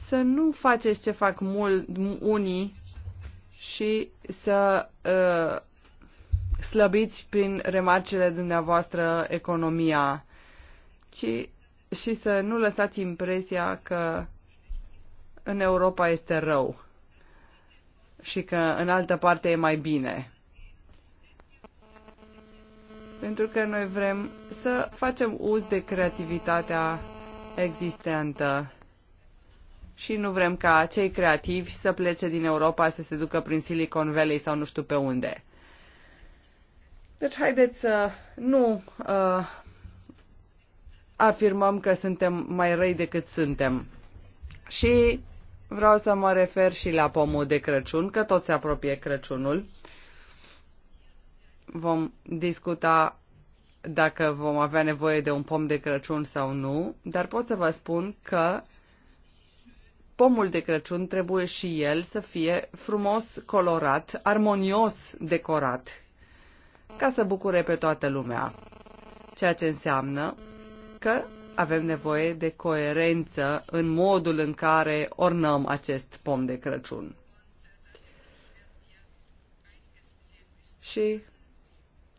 să nu faceți ce fac mult, unii și să uh, slăbiți prin remarcele dumneavoastră economia, ci și să nu lăsați impresia că în Europa este rău și că în altă parte e mai bine. Pentru că noi vrem să facem uz de creativitatea existentă și nu vrem ca cei creativi să plece din Europa să se ducă prin Silicon Valley sau nu știu pe unde. Deci haideți să nu uh, afirmăm că suntem mai răi decât suntem. Și vreau să mă refer și la pomul de Crăciun, că tot se apropie Crăciunul. Vom discuta dacă vom avea nevoie de un pom de Crăciun sau nu, dar pot să vă spun că pomul de Crăciun trebuie și el să fie frumos colorat, armonios decorat, ca să bucure pe toată lumea. Ceea ce înseamnă că avem nevoie de coerență în modul în care ornăm acest pom de Crăciun. Și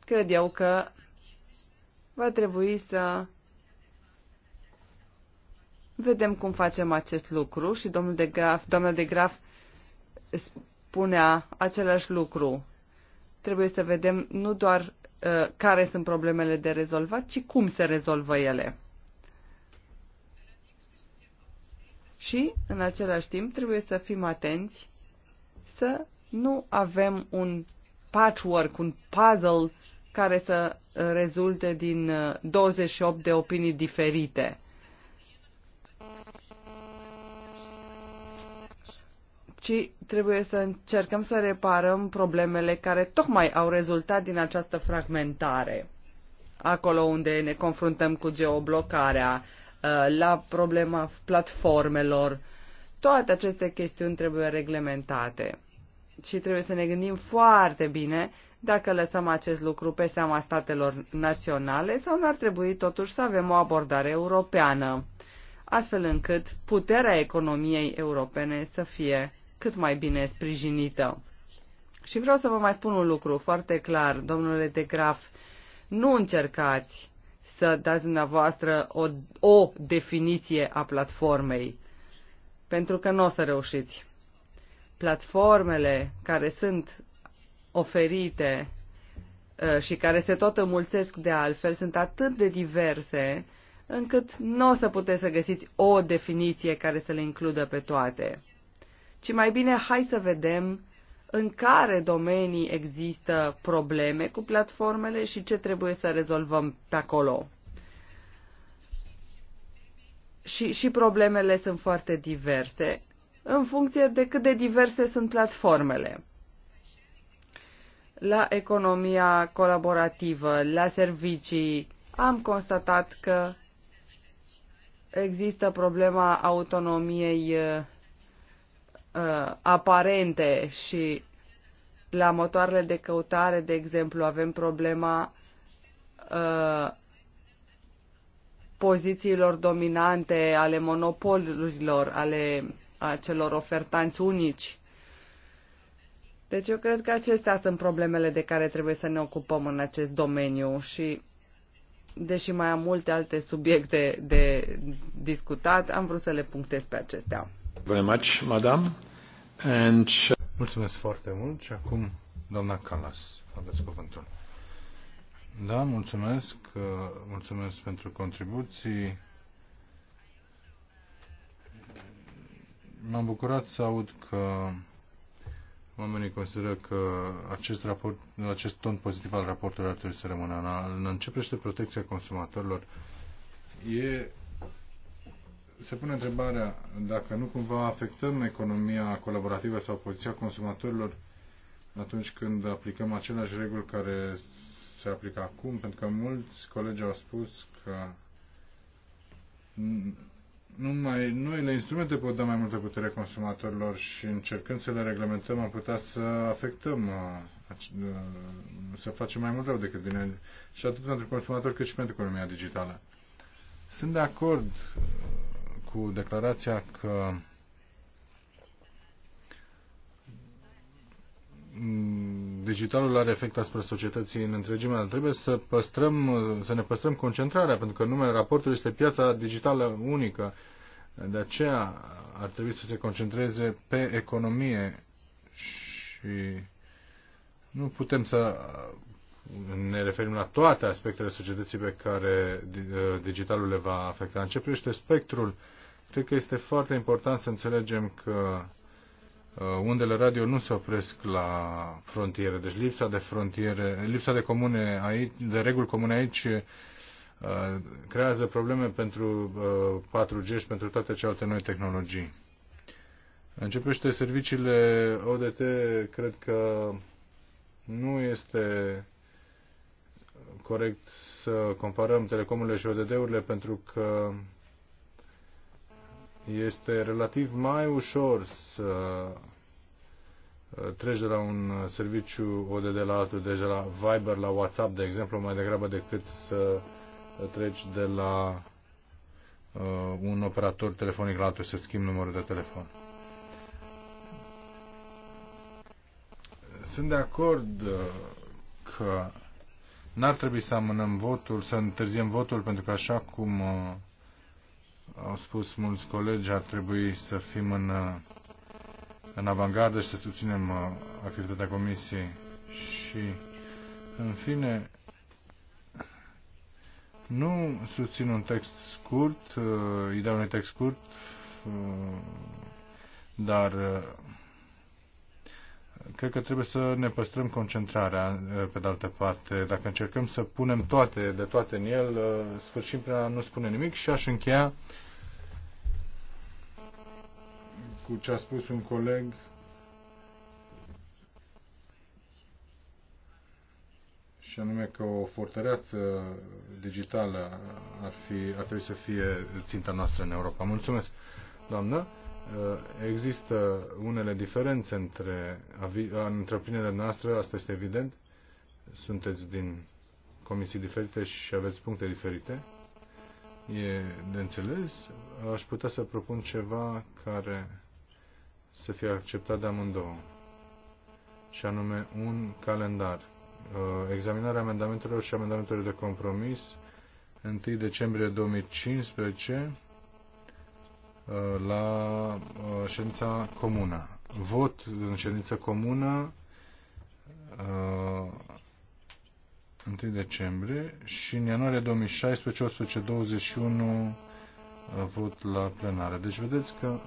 cred eu că va trebui să vedem cum facem acest lucru și domnul de Graf, doamna de Graf spunea același lucru. Trebuie să vedem nu doar Uh, care sunt problemele de rezolvat, ci cum se rezolvă ele. Și, în același timp, trebuie să fim atenți să nu avem un patchwork, un puzzle care să rezulte din 28 uh, de opinii diferite ci trebuie să încercăm să reparăm problemele care tocmai au rezultat din această fragmentare. Acolo unde ne confruntăm cu geoblocarea, uh, la problema platformelor, toate aceste chestiuni trebuie reglementate. Și trebuie să ne gândim foarte bine dacă lăsăm acest lucru pe seama statelor naționale sau n-ar trebui totuși să avem o abordare europeană, astfel încât puterea economiei europene să fie cât mai bine sprijinită. Și vreau să vă mai spun un lucru foarte clar, domnule de Graf, nu încercați să dați dumneavoastră o, o definiție a platformei, pentru că nu o să reușiți. Platformele care sunt oferite uh, și care se tot înmulțesc de altfel sunt atât de diverse încât nu o să puteți să găsiți o definiție care să le includă pe toate ci mai bine hai să vedem în care domenii există probleme cu platformele și ce trebuie să rezolvăm pe acolo. Și, și problemele sunt foarte diverse, în funcție de cât de diverse sunt platformele. La economia colaborativă, la servicii, am constatat că există problema autonomiei uh, aparente și la motoarele de căutare, de exemplu, avem problema uh, pozițiilor dominante ale monopolurilor, ale acelor ofertanți unici. Deci eu cred că acestea sunt problemele de care trebuie să ne ocupăm în acest domeniu și deși mai am multe alte subiecte de discutat, am vrut să le punctez pe acestea. Very much, madam. And... Uh, mulțumesc foarte mult și acum doamna Calas, aveți cuvântul. Da, mulțumesc. Uh, mulțumesc pentru contribuții. M-am bucurat să aud că oamenii consideră că acest, raport, acest ton pozitiv al raportului ar trebui să rămână. În, în ce protecția consumatorilor, e se pune întrebarea dacă nu cumva afectăm economia colaborativă sau poziția consumatorilor atunci când aplicăm aceleași reguli care se aplică acum, pentru că mulți colegi au spus că numai noile instrumente pot da mai multă putere consumatorilor și încercând să le reglementăm am putea să afectăm, uh, uh, să facem mai mult rău decât bine și atât pentru consumatori cât și pentru economia digitală. Sunt de acord uh, cu declarația că digitalul are efect asupra societății în întregime, dar trebuie să, păstrăm, să ne păstrăm concentrarea, pentru că numele raportului este piața digitală unică. De aceea ar trebui să se concentreze pe economie și nu putem să ne referim la toate aspectele societății pe care digitalul le va afecta. În ce privește spectrul Cred că este foarte important să înțelegem că uh, undele radio nu se opresc la frontiere. Deci lipsa de frontiere, lipsa de, comune aici, de reguli comune aici uh, creează probleme pentru 4G uh, și pentru toate celelalte noi tehnologii. Începește serviciile ODT, cred că nu este corect să comparăm telecomurile și ODD-urile pentru că este relativ mai ușor să uh, treci de la un serviciu ODD la altul, deci de la Viber la WhatsApp, de exemplu, mai degrabă decât să treci de la uh, un operator telefonic la altul, să schimbi numărul de telefon. Sunt de acord uh, că n-ar trebui să amânăm votul, să întârziem votul, pentru că așa cum uh, au spus mulți colegi, ar trebui să fim în, în avangardă și să susținem uh, activitatea Comisiei. Și, în fine, nu susțin un text scurt, uh, ideea unui text scurt, uh, dar cred că trebuie să ne păstrăm concentrarea eh, pe de altă parte. Dacă încercăm să punem toate, de toate în el, eh, sfârșim prin a nu spune nimic și aș încheia cu ce a spus un coleg și anume că o fortăreață digitală ar, fi, ar trebui să fie ținta noastră în Europa. Mulțumesc, doamnă! Uh, există unele diferențe între uh, întreprinderile noastre, asta este evident. Sunteți din comisii diferite și aveți puncte diferite. E de înțeles. Aș putea să propun ceva care să fie acceptat de amândouă. Și anume un calendar. Uh, examinarea amendamentelor și amendamentelor de compromis 1 decembrie 2015 Uh, la uh, ședința comună. Vot în ședință comună 1 uh, decembrie și în ianuarie 2016, 121 vot la plenară. Deci vedeți că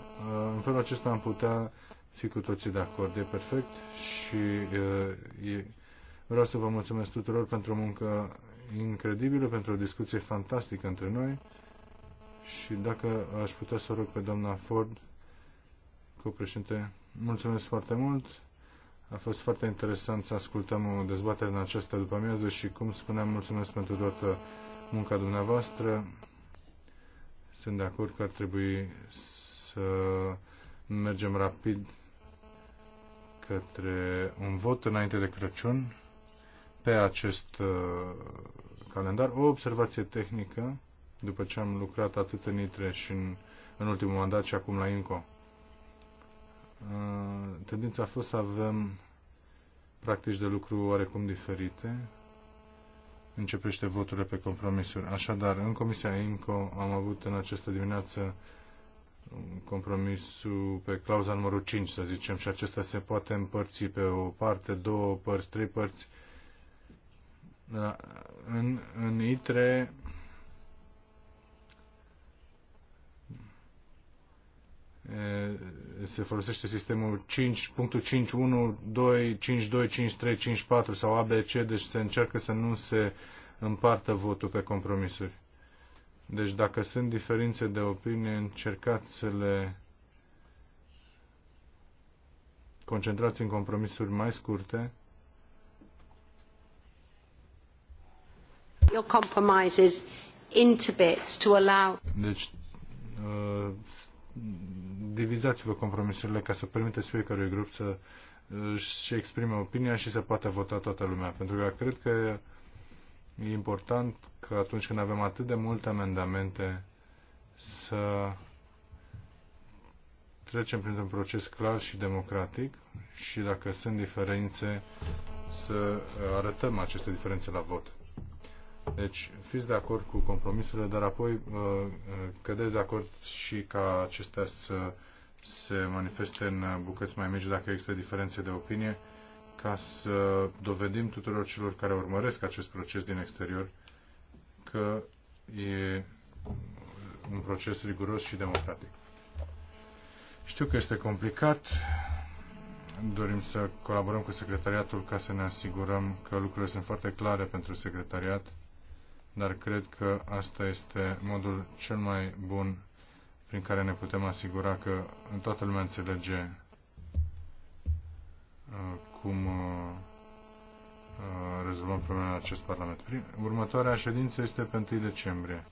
în felul acesta am putea fi cu toții de acord. E perfect și e, vreau să vă mulțumesc tuturor pentru o muncă incredibilă, pentru o discuție fantastică între noi și dacă aș putea să rog pe doamna Ford, cu președinte, mulțumesc foarte mult. A fost foarte interesant să ascultăm o dezbatere în această după amiază și, cum spuneam, mulțumesc pentru toată munca dumneavoastră. Sunt de acord că ar trebui să mergem rapid către un vot înainte de Crăciun pe acest uh, calendar. O observație tehnică după ce am lucrat atât în ITRE și în, în ultimul mandat și acum la INCO. Uh, tendința a fost să avem practici de lucru oarecum diferite. Începește voturile pe compromisuri. Așadar, în Comisia INCO am avut în această dimineață compromisul pe clauza numărul 5, să zicem, și acesta se poate împărți pe o parte, două părți, trei părți. Da, în, în ITRE se folosește sistemul 5.51, 5.2, 5.3, 5.4 sau ABC, deci se încearcă să nu se împartă votul pe compromisuri. Deci dacă sunt diferențe de opinie, încercați să le concentrați în compromisuri mai scurte. Your compromises into bits to allow. Deci, uh, divizați-vă compromisurile ca să permiteți fiecărui grup să uh, și exprime opinia și să poată vota toată lumea. Pentru că cred că e important că atunci când avem atât de multe amendamente să trecem printr-un proces clar și democratic și dacă sunt diferențe să arătăm aceste diferențe la vot. Deci fiți de acord cu compromisurile, dar apoi uh, cădeți de acord și ca acestea să se manifeste în bucăți mai mici dacă există diferențe de opinie, ca să dovedim tuturor celor care urmăresc acest proces din exterior că e un proces riguros și democratic. Știu că este complicat, dorim să colaborăm cu secretariatul ca să ne asigurăm că lucrurile sunt foarte clare pentru secretariat dar cred că asta este modul cel mai bun prin care ne putem asigura că toată lumea înțelege uh, cum uh, uh, rezolvăm problema în acest Parlament. Următoarea ședință este pe 1 decembrie,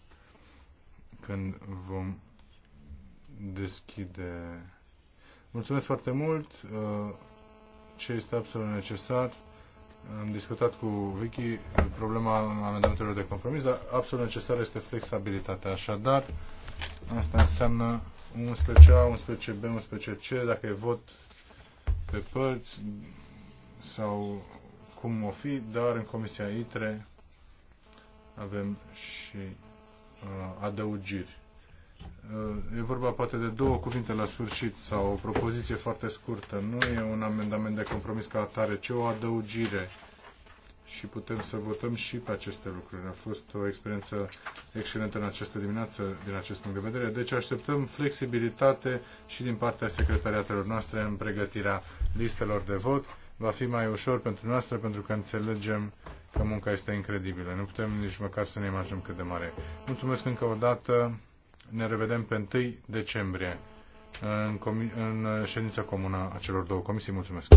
când vom deschide. Mulțumesc foarte mult ce este absolut necesar. Am discutat cu Vicky problema amendamentelor de compromis, dar absolut necesară este flexibilitatea. Așadar, asta înseamnă 11A, 11B, 11C, dacă e vot pe părți sau cum o fi, dar în Comisia ITRE avem și uh, adăugiri. Uh, e vorba poate de două cuvinte la sfârșit sau o propoziție foarte scurtă. Nu e un amendament de compromis ca atare, ci o adăugire. Și putem să votăm și pe aceste lucruri. A fost o experiență excelentă în această dimineață din acest punct de vedere. Deci așteptăm flexibilitate și din partea secretariatelor noastre în pregătirea listelor de vot. Va fi mai ușor pentru noastră pentru că înțelegem că munca este incredibilă. Nu putem nici măcar să ne imaginăm cât de mare. Mulțumesc încă o dată ne revedem pe 1 decembrie în, comi- în ședința comună a celor două comisii. Mulțumesc!